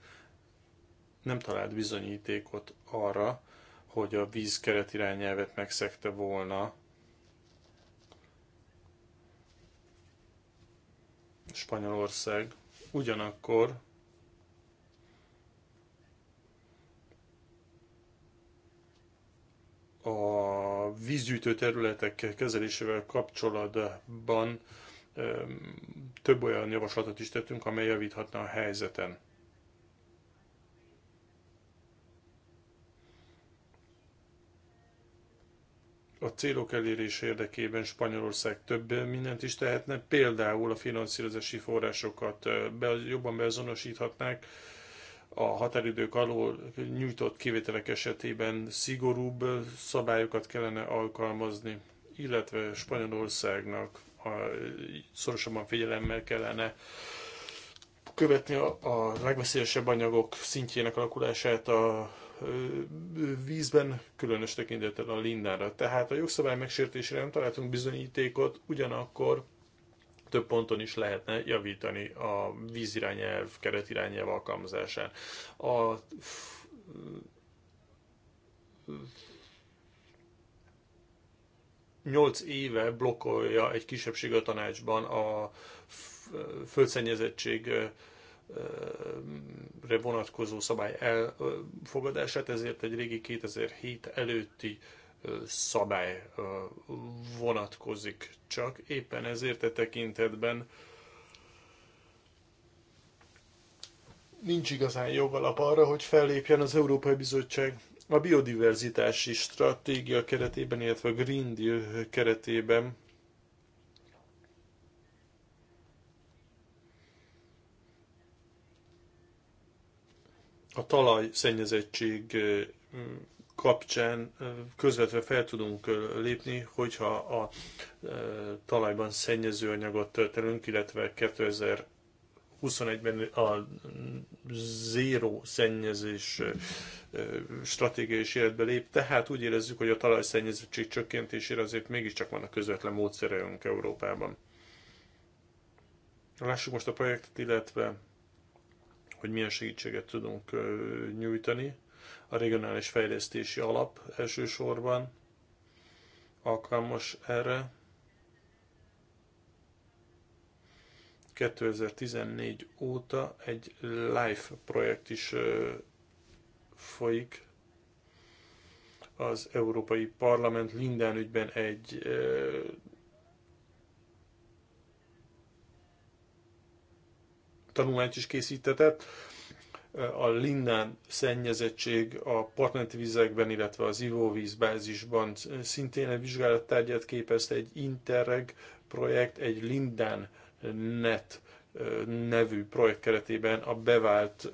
nem talált bizonyítékot arra, hogy a vízkeret irányelvet megszegte volna Spanyolország. Ugyanakkor a vízgyűjtő területek kezelésével kapcsolatban több olyan javaslatot is tettünk, amely javíthatna a helyzeten. a célok elérés érdekében Spanyolország több mindent is tehetne, például a finanszírozási forrásokat be, jobban beazonosíthatnák, a határidők alól nyújtott kivételek esetében szigorúbb szabályokat kellene alkalmazni, illetve Spanyolországnak szorosabban figyelemmel kellene követni a, a legveszélyesebb anyagok szintjének alakulását a vízben, különös tekintettel a Lindára. Tehát a jogszabály megsértésére nem találtunk bizonyítékot, ugyanakkor több ponton is lehetne javítani a vízirányelv, keretirányelv alkalmazásán. A 8 éve blokkolja egy kisebbség a tanácsban a földszennyezettségre vonatkozó szabály elfogadását, ezért egy régi 2007 előtti szabály vonatkozik csak. Éppen ezért a e tekintetben nincs igazán jogalap arra, hogy fellépjen az Európai Bizottság a biodiverzitási stratégia keretében, illetve a Green Deal keretében a talajszennyezettség kapcsán közvetve fel tudunk lépni, hogyha a talajban szennyező anyagot terülünk, illetve 2000 21-ben a zéro szennyezés stratégiai is életbe lép, tehát úgy érezzük, hogy a talajszennyezettség csökkentésére azért mégiscsak vannak közvetlen módszereink Európában. Lássuk most a projektet, illetve hogy milyen segítséget tudunk nyújtani. A regionális fejlesztési alap elsősorban alkalmas erre, 2014 óta egy live projekt is folyik az Európai Parlament Lindán ügyben egy tanulmányt is készítetett. A Lindán szennyezettség a partnerti vizekben, illetve az ivóvízbázisban szintén egy vizsgálattárgyát képezte egy Interreg projekt, egy Lindán net nevű projekt keretében a bevált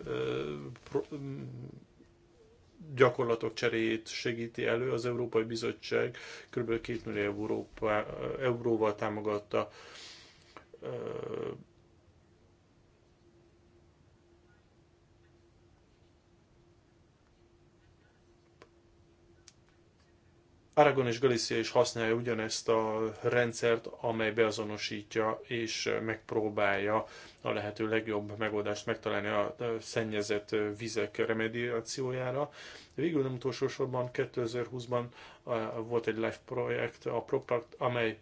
gyakorlatok cseréjét segíti elő. Az Európai Bizottság kb. 2 millió Európa, euróval támogatta Aragon és Galicia is használja ugyanezt a rendszert, amely beazonosítja és megpróbálja a lehető legjobb megoldást megtalálni a szennyezett vizek remediációjára. Végül nem utolsó sorban 2020-ban volt egy live projekt, a Propact, amely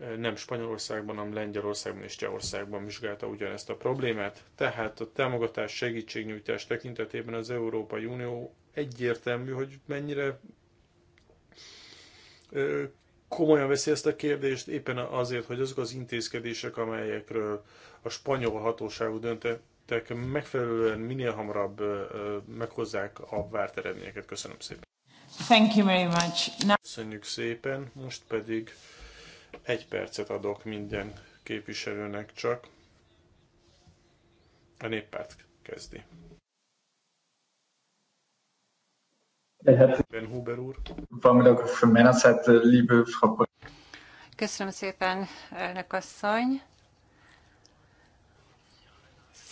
e, nem Spanyolországban, hanem Lengyelországban és Csehországban vizsgálta ugyanezt a problémát. Tehát a támogatás, segítségnyújtás tekintetében az Európai Unió egyértelmű, hogy mennyire komolyan veszi ezt a kérdést, éppen azért, hogy azok az intézkedések, amelyekről a spanyol hatóságú döntöttek, megfelelően minél hamarabb meghozzák a várt eredményeket. Köszönöm szépen. Thank you very much. Now... Köszönjük szépen, most pedig egy percet adok minden képviselőnek csak. A néppárt kezdi. Hát ben Huber úr. Köszönöm szépen, elnök asszony.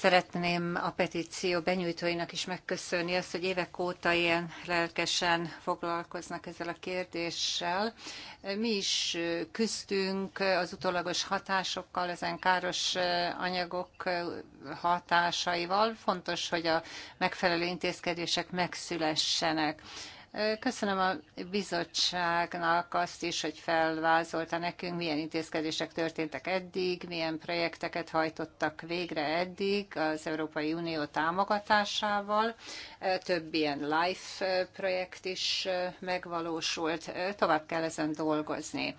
Szeretném a petíció benyújtóinak is megköszönni azt, hogy évek óta ilyen lelkesen foglalkoznak ezzel a kérdéssel. Mi is küzdünk az utólagos hatásokkal, ezen káros anyagok hatásaival. Fontos, hogy a megfelelő intézkedések megszülessenek. Köszönöm a bizottságnak azt is, hogy felvázolta nekünk, milyen intézkedések történtek eddig, milyen projekteket hajtottak végre eddig az Európai Unió támogatásával. Több ilyen LIFE projekt is megvalósult, tovább kell ezen dolgozni.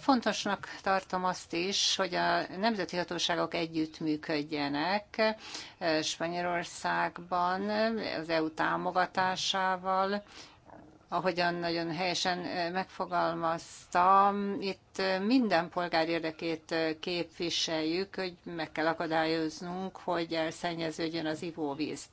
Fontosnak tartom azt is, hogy a nemzeti hatóságok együttműködjenek eh, Spanyolországban az EU támogatásával, ahogyan nagyon helyesen eh, megfogalmaztam, itt eh, minden polgár érdekét képviseljük, hogy meg kell akadályoznunk, hogy elszennyeződjön az ivóvíz.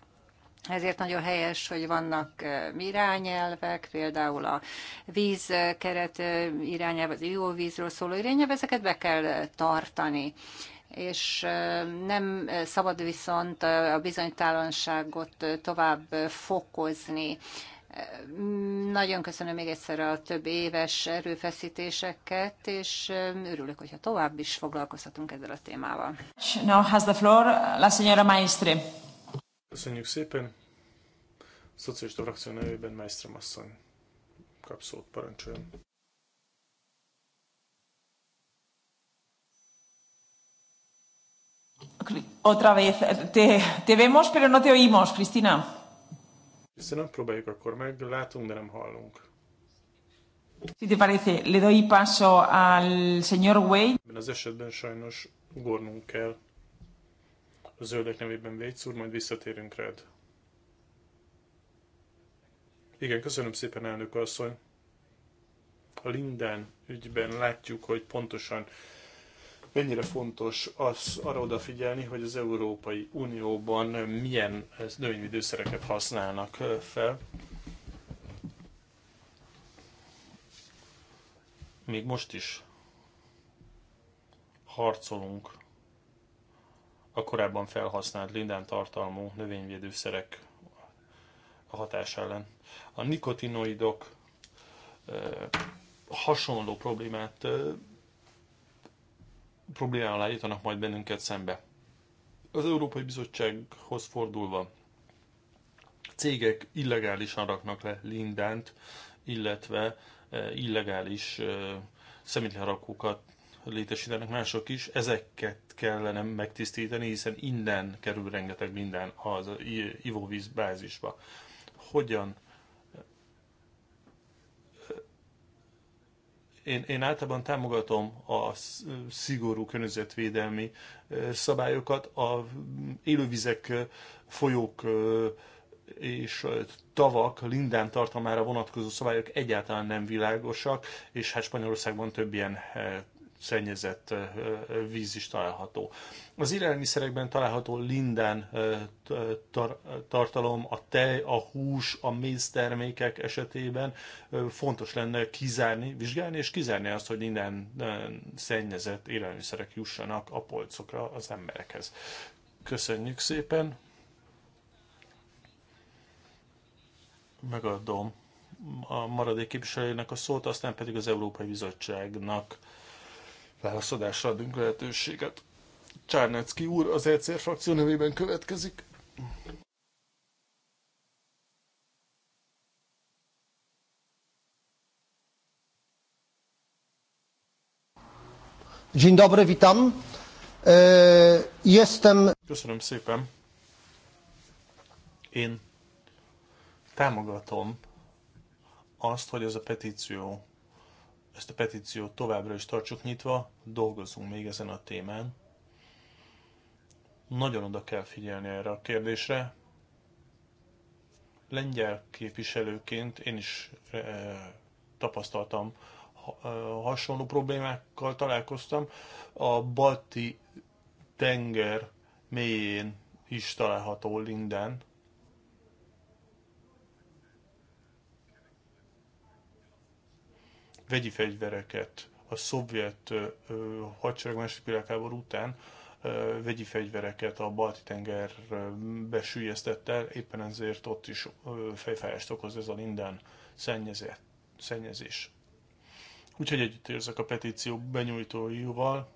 Ezért nagyon helyes, hogy vannak irányelvek, például a vízkeret irányelv, az ivóvízről szóló irányelv, ezeket be kell tartani és nem szabad viszont a bizonytalanságot tovább fokozni. Nagyon köszönöm még egyszer a több éves erőfeszítéseket, és örülök, hogyha tovább is foglalkozhatunk ezzel a témával. Now has the floor la señora Maestri. Köszönjük szépen. A szocialista frakció nevében Meistrem asszony kap szót, parancsoljon. Otra vez, te, te vemos, pero no te oímos, Cristina. Cristina, próbáljuk akkor meg, látunk, de nem hallunk. Si te parece, le doy paso al señor Wayne. Ebben az esetben sajnos ugornunk kell a zöldek nevében Vécz majd visszatérünk rád. Igen, köszönöm szépen, elnök asszony. A Linden ügyben látjuk, hogy pontosan mennyire fontos az arra odafigyelni, hogy az Európai Unióban milyen növényvédőszereket használnak fel. Még most is harcolunk a korábban felhasznált lindán tartalmú növényvédőszerek a hatás ellen. A nikotinoidok hasonló problémát problémával állítanak majd bennünket szembe. Az Európai Bizottsághoz fordulva cégek illegálisan raknak le lindánt, illetve illegális szemétlerakókat létesítenek mások is, ezeket kellene megtisztítani, hiszen innen kerül rengeteg minden az ivóvíz bázisba. Hogyan én, én általában támogatom a szigorú környezetvédelmi szabályokat, a élővizek, folyók és tavak lindán tartalmára vonatkozó szabályok egyáltalán nem világosak, és hát Spanyolországban több ilyen hát, szennyezett víz is található. Az élelmiszerekben található lindán tartalom, a tej, a hús, a méztermékek esetében fontos lenne kizárni, vizsgálni és kizárni azt, hogy minden szennyezett élelmiszerek jussanak a polcokra az emberekhez. Köszönjük szépen! Megadom a maradék képviselőnek a szót, aztán pedig az Európai Bizottságnak válaszadásra adunk lehetőséget. Csárnecki úr az ECR frakció nevében következik. Dzień dobry, witam. E, jestem... Köszönöm szépen. Én támogatom azt, hogy ez a petíció ezt a petíciót továbbra is tartsuk nyitva, dolgozzunk még ezen a témán. Nagyon oda kell figyelni erre a kérdésre. Lengyel képviselőként én is e, tapasztaltam ha, e, hasonló problémákkal találkoztam. A balti tenger mélyén is található Linden, vegyi fegyvereket a szovjet hadsereg második világháború után vegyi fegyvereket a Balti-tenger besülyeztett el, éppen ezért ott is fejfájást okoz ez a linden szennyezés. Úgyhogy együtt érzek a petíció benyújtóival.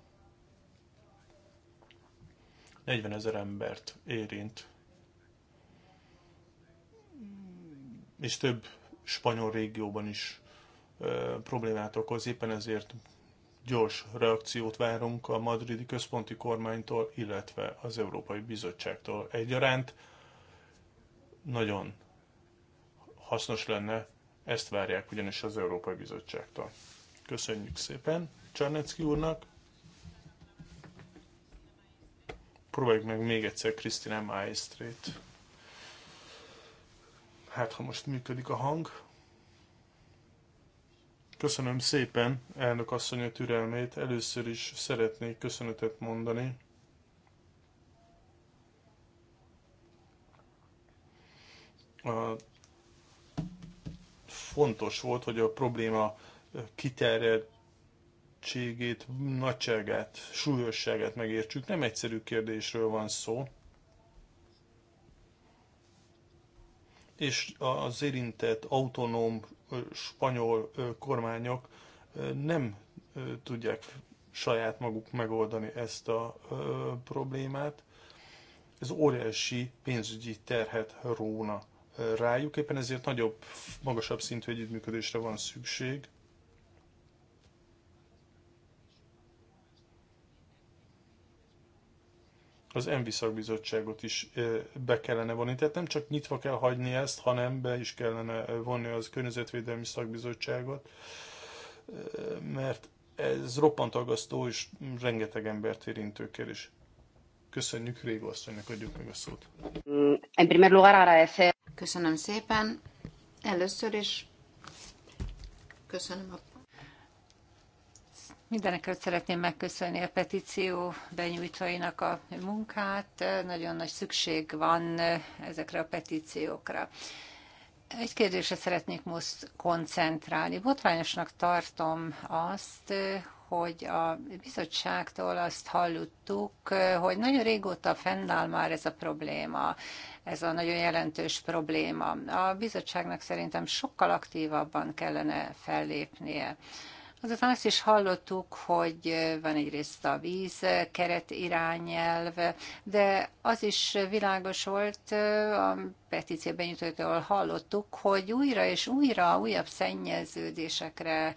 40 ezer embert érint. És több spanyol régióban is problémát okoz, éppen ezért gyors reakciót várunk a madridi központi kormánytól, illetve az Európai Bizottságtól egyaránt. Nagyon hasznos lenne, ezt várják ugyanis az Európai Bizottságtól. Köszönjük szépen Csarnecki úrnak. Próbáljuk meg még egyszer Krisztina Maestrét. Hát, ha most működik a hang. Köszönöm szépen, elnök asszony a türelmét. Először is szeretnék köszönetet mondani. A fontos volt, hogy a probléma kiterjedtségét, nagyságát, súlyosságát megértsük. Nem egyszerű kérdésről van szó. És az érintett autonóm spanyol kormányok nem tudják saját maguk megoldani ezt a problémát. Ez óriási pénzügyi terhet róna rájuk, éppen ezért nagyobb, magasabb szintű együttműködésre van szükség az ENVI szakbizottságot is be kellene vonni. Tehát nem csak nyitva kell hagyni ezt, hanem be is kellene vonni az környezetvédelmi szakbizottságot, mert ez roppant aggasztó és rengeteg embert érintő kérdés. Köszönjük Régo asszonynak, adjuk meg a szót. Mm, köszönöm szépen. Először is köszönöm a Mindenekről szeretném megköszönni a petíció benyújtóinak a munkát. Nagyon nagy szükség van ezekre a petíciókra. Egy kérdésre szeretnék most koncentrálni. Botrányosnak tartom azt, hogy a bizottságtól azt hallottuk, hogy nagyon régóta fennáll már ez a probléma, ez a nagyon jelentős probléma. A bizottságnak szerintem sokkal aktívabban kellene fellépnie. Azután azt is hallottuk, hogy van egyrészt a víz keret irányelv, de az is világos volt, a petíció benyújtótól hallottuk, hogy újra és újra újabb szennyeződésekre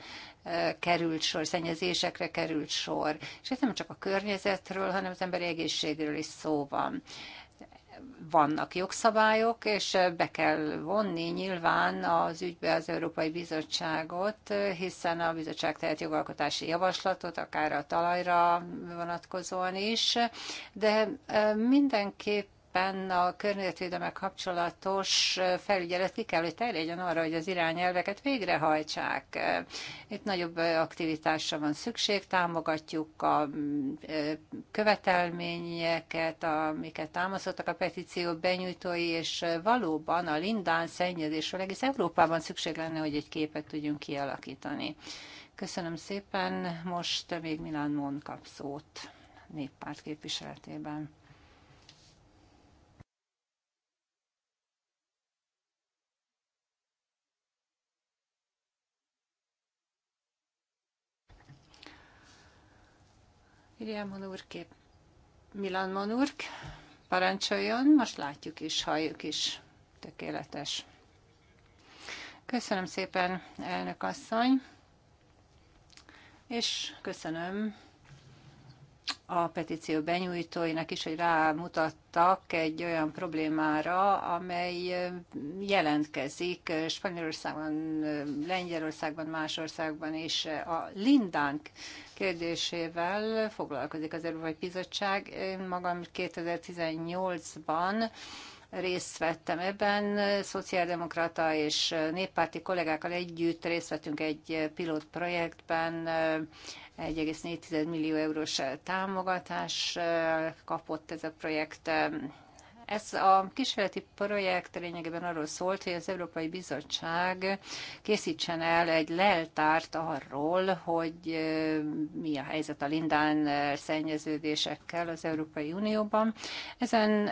került sor, szennyezésekre került sor. És ez nem csak a környezetről, hanem az emberi egészségről is szó van vannak jogszabályok, és be kell vonni nyilván az ügybe az Európai Bizottságot, hiszen a bizottság tehet jogalkotási javaslatot, akár a talajra vonatkozóan is, de mindenképp mindenképpen a környezetvédelmek kapcsolatos felügyelet ki kell, hogy terjedjen arra, hogy az irányelveket végrehajtsák. Itt nagyobb aktivitásra van szükség, támogatjuk a követelményeket, amiket támasztottak a petíció benyújtói, és valóban a lindán szennyezésről egész Európában szükség lenne, hogy egy képet tudjunk kialakítani. Köszönöm szépen, most még Milán Mon kap szót néppárt képviseletében. Miriam Monur kép. Milan Monur parancsoljon, most látjuk is, halljuk is. Tökéletes. Köszönöm szépen, elnök asszony, és köszönöm a petíció benyújtóinak is, hogy rámutattak egy olyan problémára, amely jelentkezik Spanyolországban, Lengyelországban, más országban is. A Lindán kérdésével foglalkozik az Európai Bizottság. Én magam 2018-ban részt vettem ebben. Szociáldemokrata és néppárti kollégákkal együtt részt vettünk egy pilot projektben, 1,4 millió eurós támogatás kapott ez a projekt ez a kísérleti projekt lényegében arról szólt, hogy az Európai Bizottság készítsen el egy leltárt arról, hogy mi a helyzet a lindán szennyeződésekkel az Európai Unióban. Ezen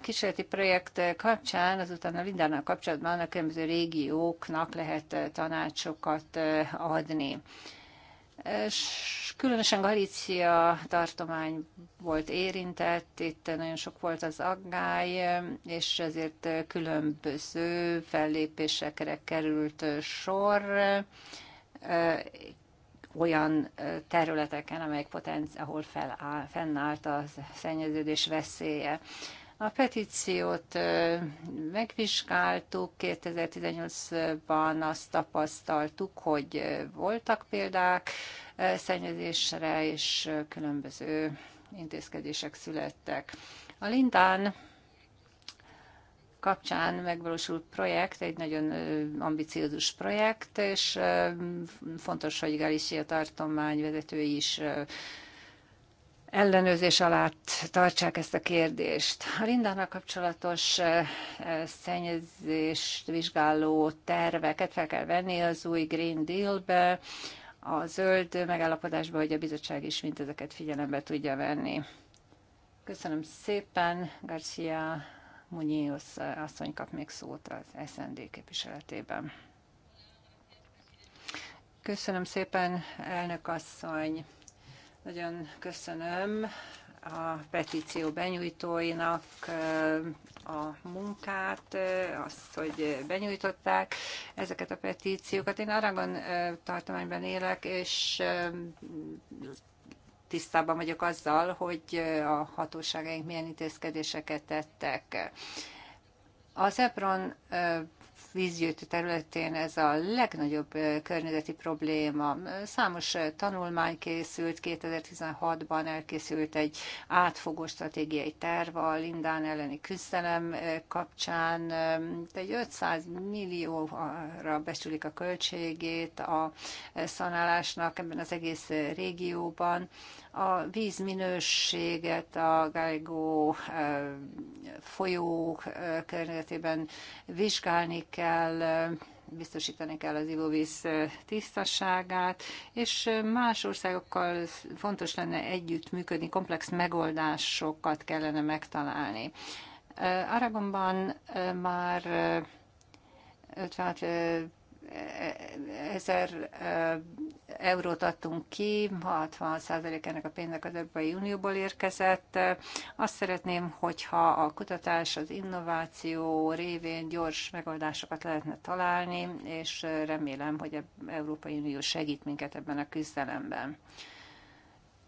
kísérleti projekt kapcsán, azután a lindánnal kapcsolatban a különböző régióknak lehet tanácsokat adni. Különösen Galícia tartomány volt érintett, itt nagyon sok volt az aggály, és ezért különböző fellépésekre került sor olyan területeken, amelyek potenci- ahol feláll, fennállt a szennyeződés veszélye. A petíciót megvizsgáltuk, 2018-ban azt tapasztaltuk, hogy voltak példák szennyezésre, és különböző intézkedések születtek. A Lindán kapcsán megvalósult projekt, egy nagyon ambiciózus projekt, és fontos, hogy Galicia tartomány vezetői is ellenőrzés alá tartsák ezt a kérdést. A Rindának kapcsolatos szennyezést vizsgáló terveket fel kell venni az új Green Deal-be, a zöld megállapodásba, hogy a bizottság is mindezeket figyelembe tudja venni. Köszönöm szépen, Garcia Muñoz asszony kap még szót az SND képviseletében. Köszönöm szépen, elnök asszony. Nagyon köszönöm a petíció benyújtóinak a munkát, azt, hogy benyújtották ezeket a petíciókat. Én Aragon tartományban élek, és tisztában vagyok azzal, hogy a hatóságaink milyen intézkedéseket tettek. Az EPRON vízgyűjtő területén ez a legnagyobb környezeti probléma. Számos tanulmány készült, 2016-ban elkészült egy átfogó stratégiai terv a Lindán elleni küzdelem kapcsán. Egy 500 millióra besülik a költségét a szanálásnak ebben az egész régióban a vízminőséget a Gálygó eh, folyó eh, környezetében vizsgálni kell, eh, biztosítani kell az ivóvíz tisztaságát, és más országokkal fontos lenne együttműködni, komplex megoldásokat kellene megtalálni. Aragonban már 56 ezer eurót adtunk ki, 60% ennek a pénznek az Európai Unióból érkezett. Azt szeretném, hogyha a kutatás, az innováció révén gyors megoldásokat lehetne találni, és remélem, hogy a Európai Unió segít minket ebben a küzdelemben.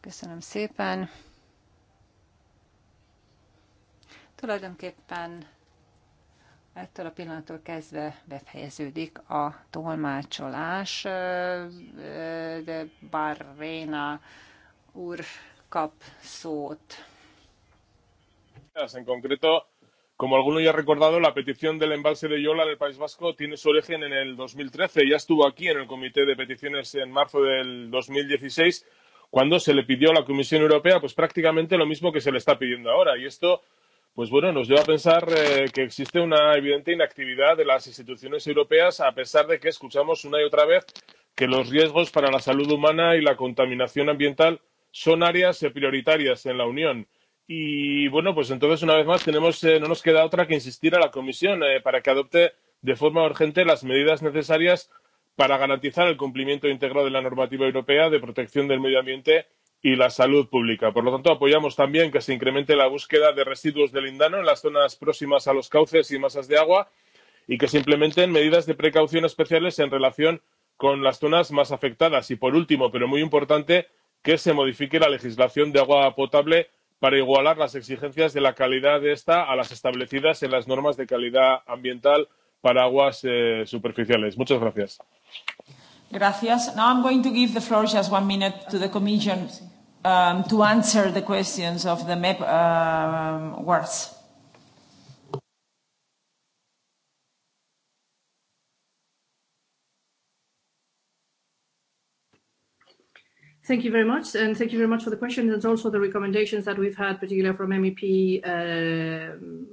Köszönöm szépen. Tulajdonképpen Ettől a pillanattól kezdve befejeződik a tolmácsolás, de Réna úr kap szót. En concreto, Como alguno ya ha recordado, la petición del embalse de Yola el País Vasco tiene su origen en el 2013. Ya estuvo aquí en el Comité de Peticiones en marzo del 2016, cuando se le pidió a la Comisión Europea pues prácticamente lo mismo que se le está pidiendo ahora. Y esto Pues bueno, nos lleva a pensar eh, que existe una evidente inactividad de las instituciones europeas, a pesar de que escuchamos una y otra vez que los riesgos para la salud humana y la contaminación ambiental son áreas eh, prioritarias en la Unión. Y bueno, pues entonces una vez más tenemos, eh, no nos queda otra que insistir a la Comisión eh, para que adopte de forma urgente las medidas necesarias para garantizar el cumplimiento íntegro de la normativa europea de protección del medio ambiente y la salud pública. Por lo tanto, apoyamos también que se incremente la búsqueda de residuos de lindano en las zonas próximas a los cauces y masas de agua y que se implementen medidas de precaución especiales en relación con las zonas más afectadas. Y por último, pero muy importante, que se modifique la legislación de agua potable para igualar las exigencias de la calidad de esta a las establecidas en las normas de calidad ambiental para aguas eh, superficiales. Muchas gracias. Gracias. Now I'm going to give the floor just one minute to the Commission um, to answer the questions of the MEP um, words. Thank you very much, and thank you very much for the questions and also the recommendations that we've had, particularly from MEP uh, um,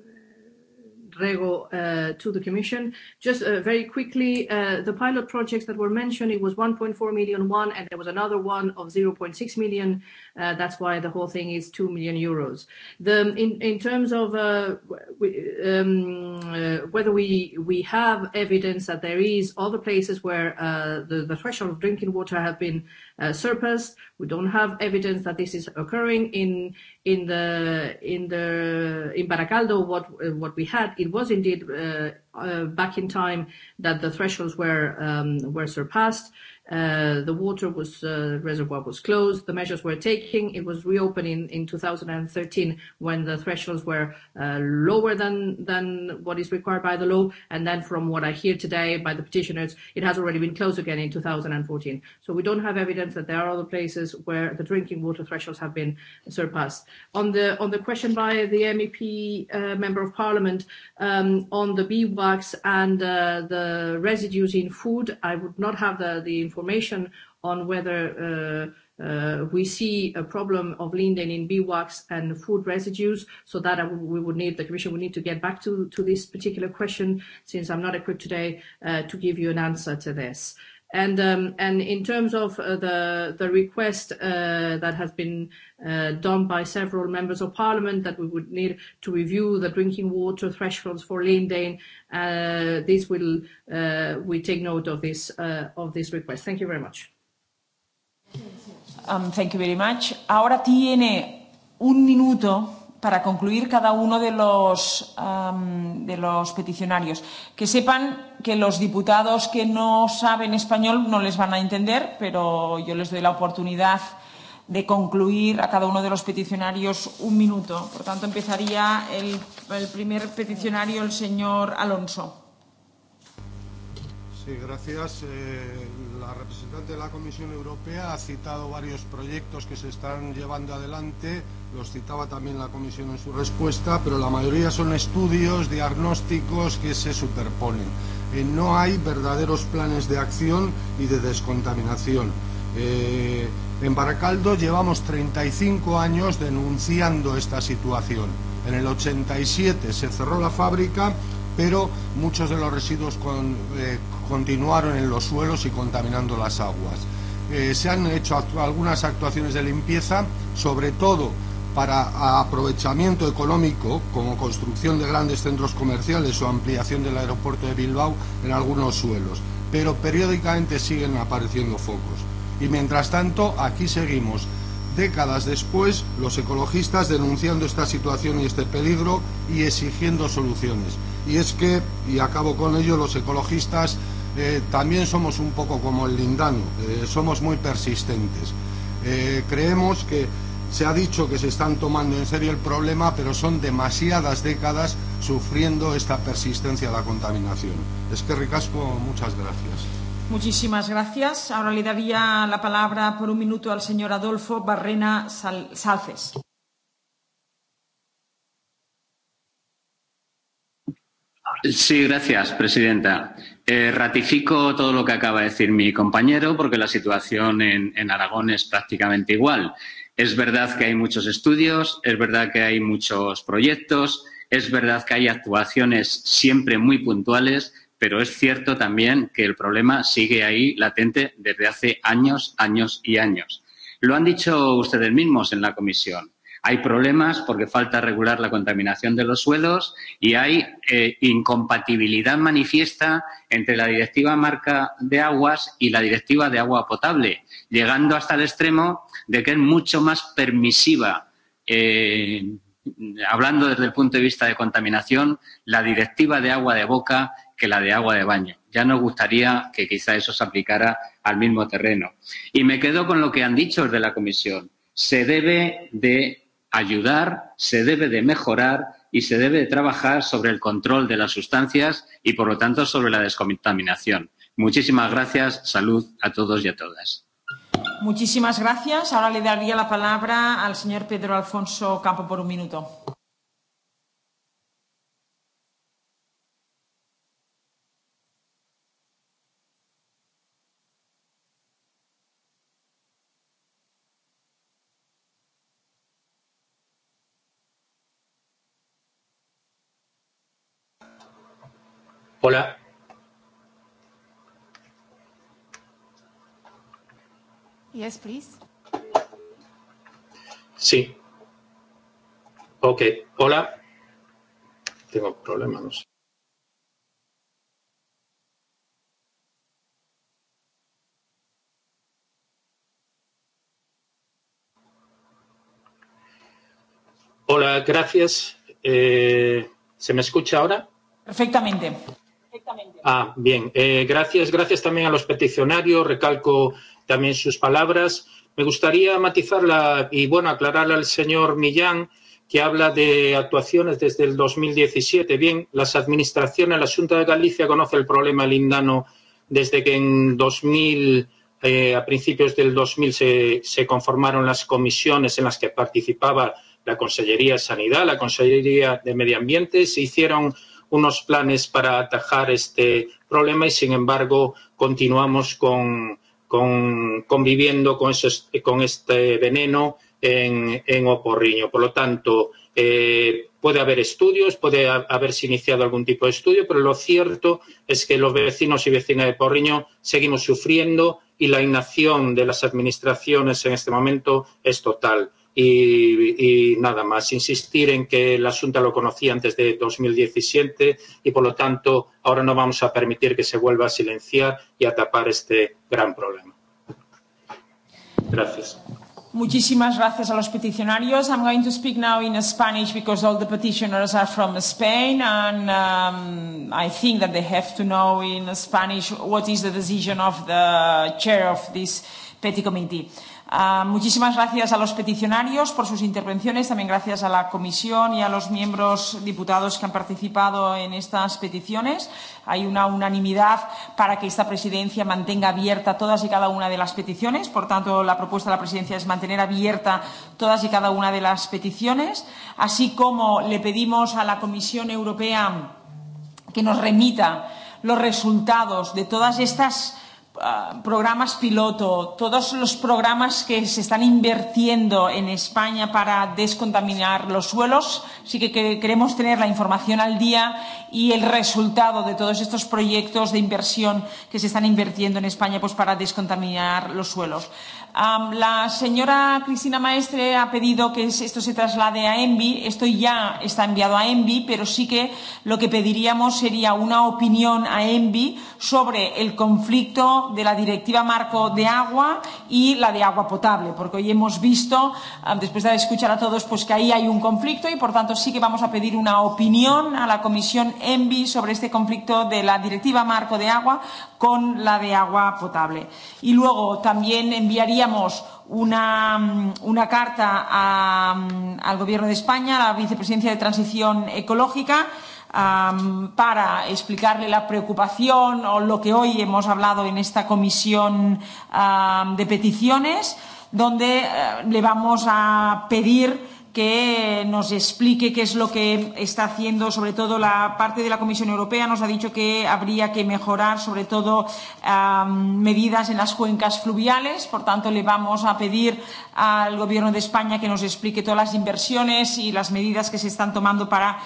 Rego uh, to the Commission. Just uh, very quickly, uh, the pilot projects that were mentioned, it was 1.4 million one, and there was another one of 0.6 million. Uh, that's why the whole thing is 2 million euros. The, in, in terms of uh, we, um, uh, whether we, we have evidence that there is other places where uh, the, the threshold of drinking water have been uh, surpassed, we don't have evidence that this is occurring in in the in the in Baracaldo, what what we had, it was indeed uh, uh, back in time that the thresholds were um, were surpassed. Uh, the water was uh, reservoir was closed. The measures were taking. It was reopening in 2013 when the thresholds were uh, lower than than what is required by the law. And then, from what I hear today by the petitioners, it has already been closed again in 2014. So we don't have evidence that there are other places where the drinking water thresholds have been surpassed. On the on the question by the MEP uh, member of Parliament um, on the beeswax and uh, the residues in food, I would not have the the information information on whether uh, uh, we see a problem of linden in bee wax and food residues. So that uh, we would need, the Commission would need to get back to, to this particular question since I'm not equipped today uh, to give you an answer to this. Uh, And um, and in terms of uh, the the request uh, that has been uh, done by several members of parliament that we would need to review the drinking water thresholds for Lindane, uh, this will uh, we take note of this uh, of this request. Thank you very much. Um, thank you very much. Ahora tiene un minuto para concluir cada uno de los, um, de los peticionarios. Que sepan que los diputados que no saben español no les van a entender, pero yo les doy la oportunidad de concluir a cada uno de los peticionarios un minuto. Por tanto, empezaría el, el primer peticionario, el señor Alonso. Sí, gracias. Eh, la representante de la Comisión Europea ha citado varios proyectos que se están llevando adelante, los citaba también la Comisión en su respuesta, pero la mayoría son estudios, diagnósticos que se superponen. Eh, no hay verdaderos planes de acción y de descontaminación. Eh, en Baracaldo llevamos 35 años denunciando esta situación. En el 87 se cerró la fábrica pero muchos de los residuos con, eh, continuaron en los suelos y contaminando las aguas. Eh, se han hecho actu algunas actuaciones de limpieza, sobre todo para aprovechamiento económico, como construcción de grandes centros comerciales o ampliación del aeropuerto de Bilbao en algunos suelos, pero periódicamente siguen apareciendo focos. Y mientras tanto, aquí seguimos, décadas después, los ecologistas denunciando esta situación y este peligro y exigiendo soluciones y es que, y acabo con ello, los ecologistas eh, también somos un poco como el lindano, eh, somos muy persistentes. Eh, creemos que se ha dicho que se están tomando en serio el problema, pero son demasiadas décadas sufriendo esta persistencia de la contaminación. Es que Ricasco, muchas gracias. Muchísimas gracias. Ahora le daría la palabra por un minuto al señor Adolfo Barrena Sal Salces. señora presidenta eh, ratifico todo lo que acaba de decir mi compañero porque la situación en aragón es prácticamente igual. es verdad que hay muchos estudios es verdad que hay muchos proyectos es verdad que hay actuaciones siempre muy puntuales pero es cierto también que el problema sigue ahí latente desde hace años años y años. lo han dicho ustedes mismos en la comisión Hay problemas porque falta regular la contaminación de los suelos y hay eh, incompatibilidad manifiesta entre la Directiva Marca de Aguas y la Directiva de Agua Potable, llegando hasta el extremo de que es mucho más permisiva. Eh, hablando desde el punto de vista de contaminación, la directiva de agua de boca que la de agua de baño. Ya nos gustaría que quizá eso se aplicara al mismo terreno. Y me quedo con lo que han dicho desde la comisión. Se debe de ayudar, se debe de mejorar y se debe de trabajar sobre el control de las sustancias y, por lo tanto, sobre la descontaminación. Muchísimas gracias. Salud a todos y a todas. Muchísimas gracias. Ahora le daría la palabra al señor Pedro Alfonso Campo por un minuto. hola Yes, please. Sí. Ok, hola. Tengo problemas, no sé. Hola, gracias. Eh, ¿Se me escucha ahora? Perfectamente. Ah, bien. Eh, gracias, gracias también a los peticionarios. Recalco también sus palabras. Me gustaría matizarla y bueno aclararle al señor Millán que habla de actuaciones desde el 2017. Bien, las administraciones, la Junta de Galicia conoce el problema lindano desde que en 2000 eh, a principios del 2000 se, se conformaron las comisiones en las que participaba la Consellería de Sanidad, la Consellería de Medio Ambiente, se hicieron unos planes para atajar este problema y sin embargo continuamos con, con conviviendo con, esos, con este veneno en, en Oporriño. Por lo tanto, eh, puede haber estudios, puede haberse iniciado algún tipo de estudio, pero lo cierto es que los vecinos y vecinas de Porriño seguimos sufriendo y la inacción de las administraciones en este momento es total. Y, y, nada más, insistir en que la Junta lo conocía antes de 2017 y por lo tanto ahora no vamos a permitir que se vuelva a silenciar y a tapar este gran problema. Gracias. Muchísimas gracias a los peticionarios. I'm going to speak now in Spanish because all the petitioners are from Spain and um, I think that they have to know in Spanish what is the decision of the chair of this petty committee. Uh, muchísimas gracias a los peticionarios por sus intervenciones, también gracias a la comisión y a los miembros diputados que han participado en estas peticiones. Hay una unanimidad para que esta presidencia mantenga abierta todas y cada una de las peticiones. Por tanto, la propuesta de la presidencia es mantener abierta todas y cada una de las peticiones, así como le pedimos a la Comisión Europea que nos remita los resultados de todas estas Ah, programas piloto, todos los programas que se están invirtiendo en España para descontaminar los suelos. Sí que, que queremos tener la información al día y el resultado de todos estos proyectos de inversión que se están invirtiendo en España pues, para descontaminar los suelos. Uh, Um, la señora Cristina Maestre ha pedido que esto se traslade a Envi. Esto ya está enviado a Envi, pero sí que lo que pediríamos sería una opinión a Envi sobre el conflicto de la directiva marco de agua y la de agua potable, porque hoy hemos visto, um, después de escuchar a todos, pues que ahí hay un conflicto y por tanto sí que vamos a pedir una opinión a la comisión Envi sobre este conflicto de la directiva marco de agua con la de agua potable. Y luego también enviaría enviamos una, mm, una carta a, mm, al Gobierno de España, a la Vicepresidencia de Transición Ecológica, um, para explicarle la preocupación o lo que hoy hemos hablado en esta comisión um, de peticiones, donde uh, le vamos a pedir uh, que nos explique qué es lo que está haciendo, sobre todo la parte de la Comisión Europea nos ha dicho que habría que mejorar, sobre todo, um, medidas en las cuencas fluviales. Por tanto, le vamos a pedir al Gobierno de España que nos explique todas las inversiones y las medidas que se están tomando para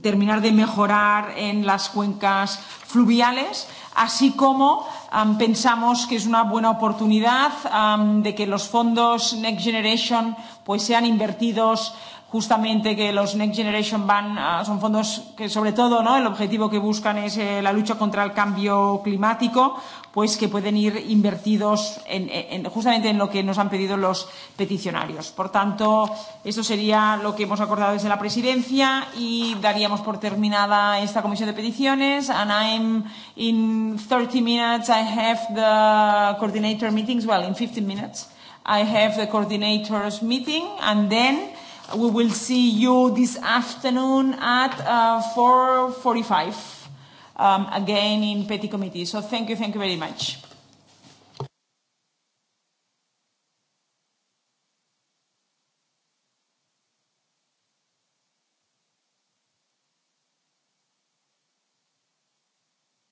terminar de mejorar en las cuencas fluviales así como um, pensamos que es una buena oportunidad um, de que los fondos Next Generation pues, sean invertidos justamente que los Next Generation van uh, son fondos que sobre todo no el objetivo que buscan es eh, la lucha contra el cambio climático pues que pueden ir invertidos en, en, justamente en lo que nos han pedido los peticionarios. Por tanto, eso sería lo que hemos acordado desde la presidencia y daríamos por terminada esta comisión de peticiones. And I'm in 30 minutes I have the coordinator meetings. Well, in 15 minutes I have the coordinators meeting and then we will see you this afternoon at uh, 4.45 um, again in petty committee. So thank you, thank you very much.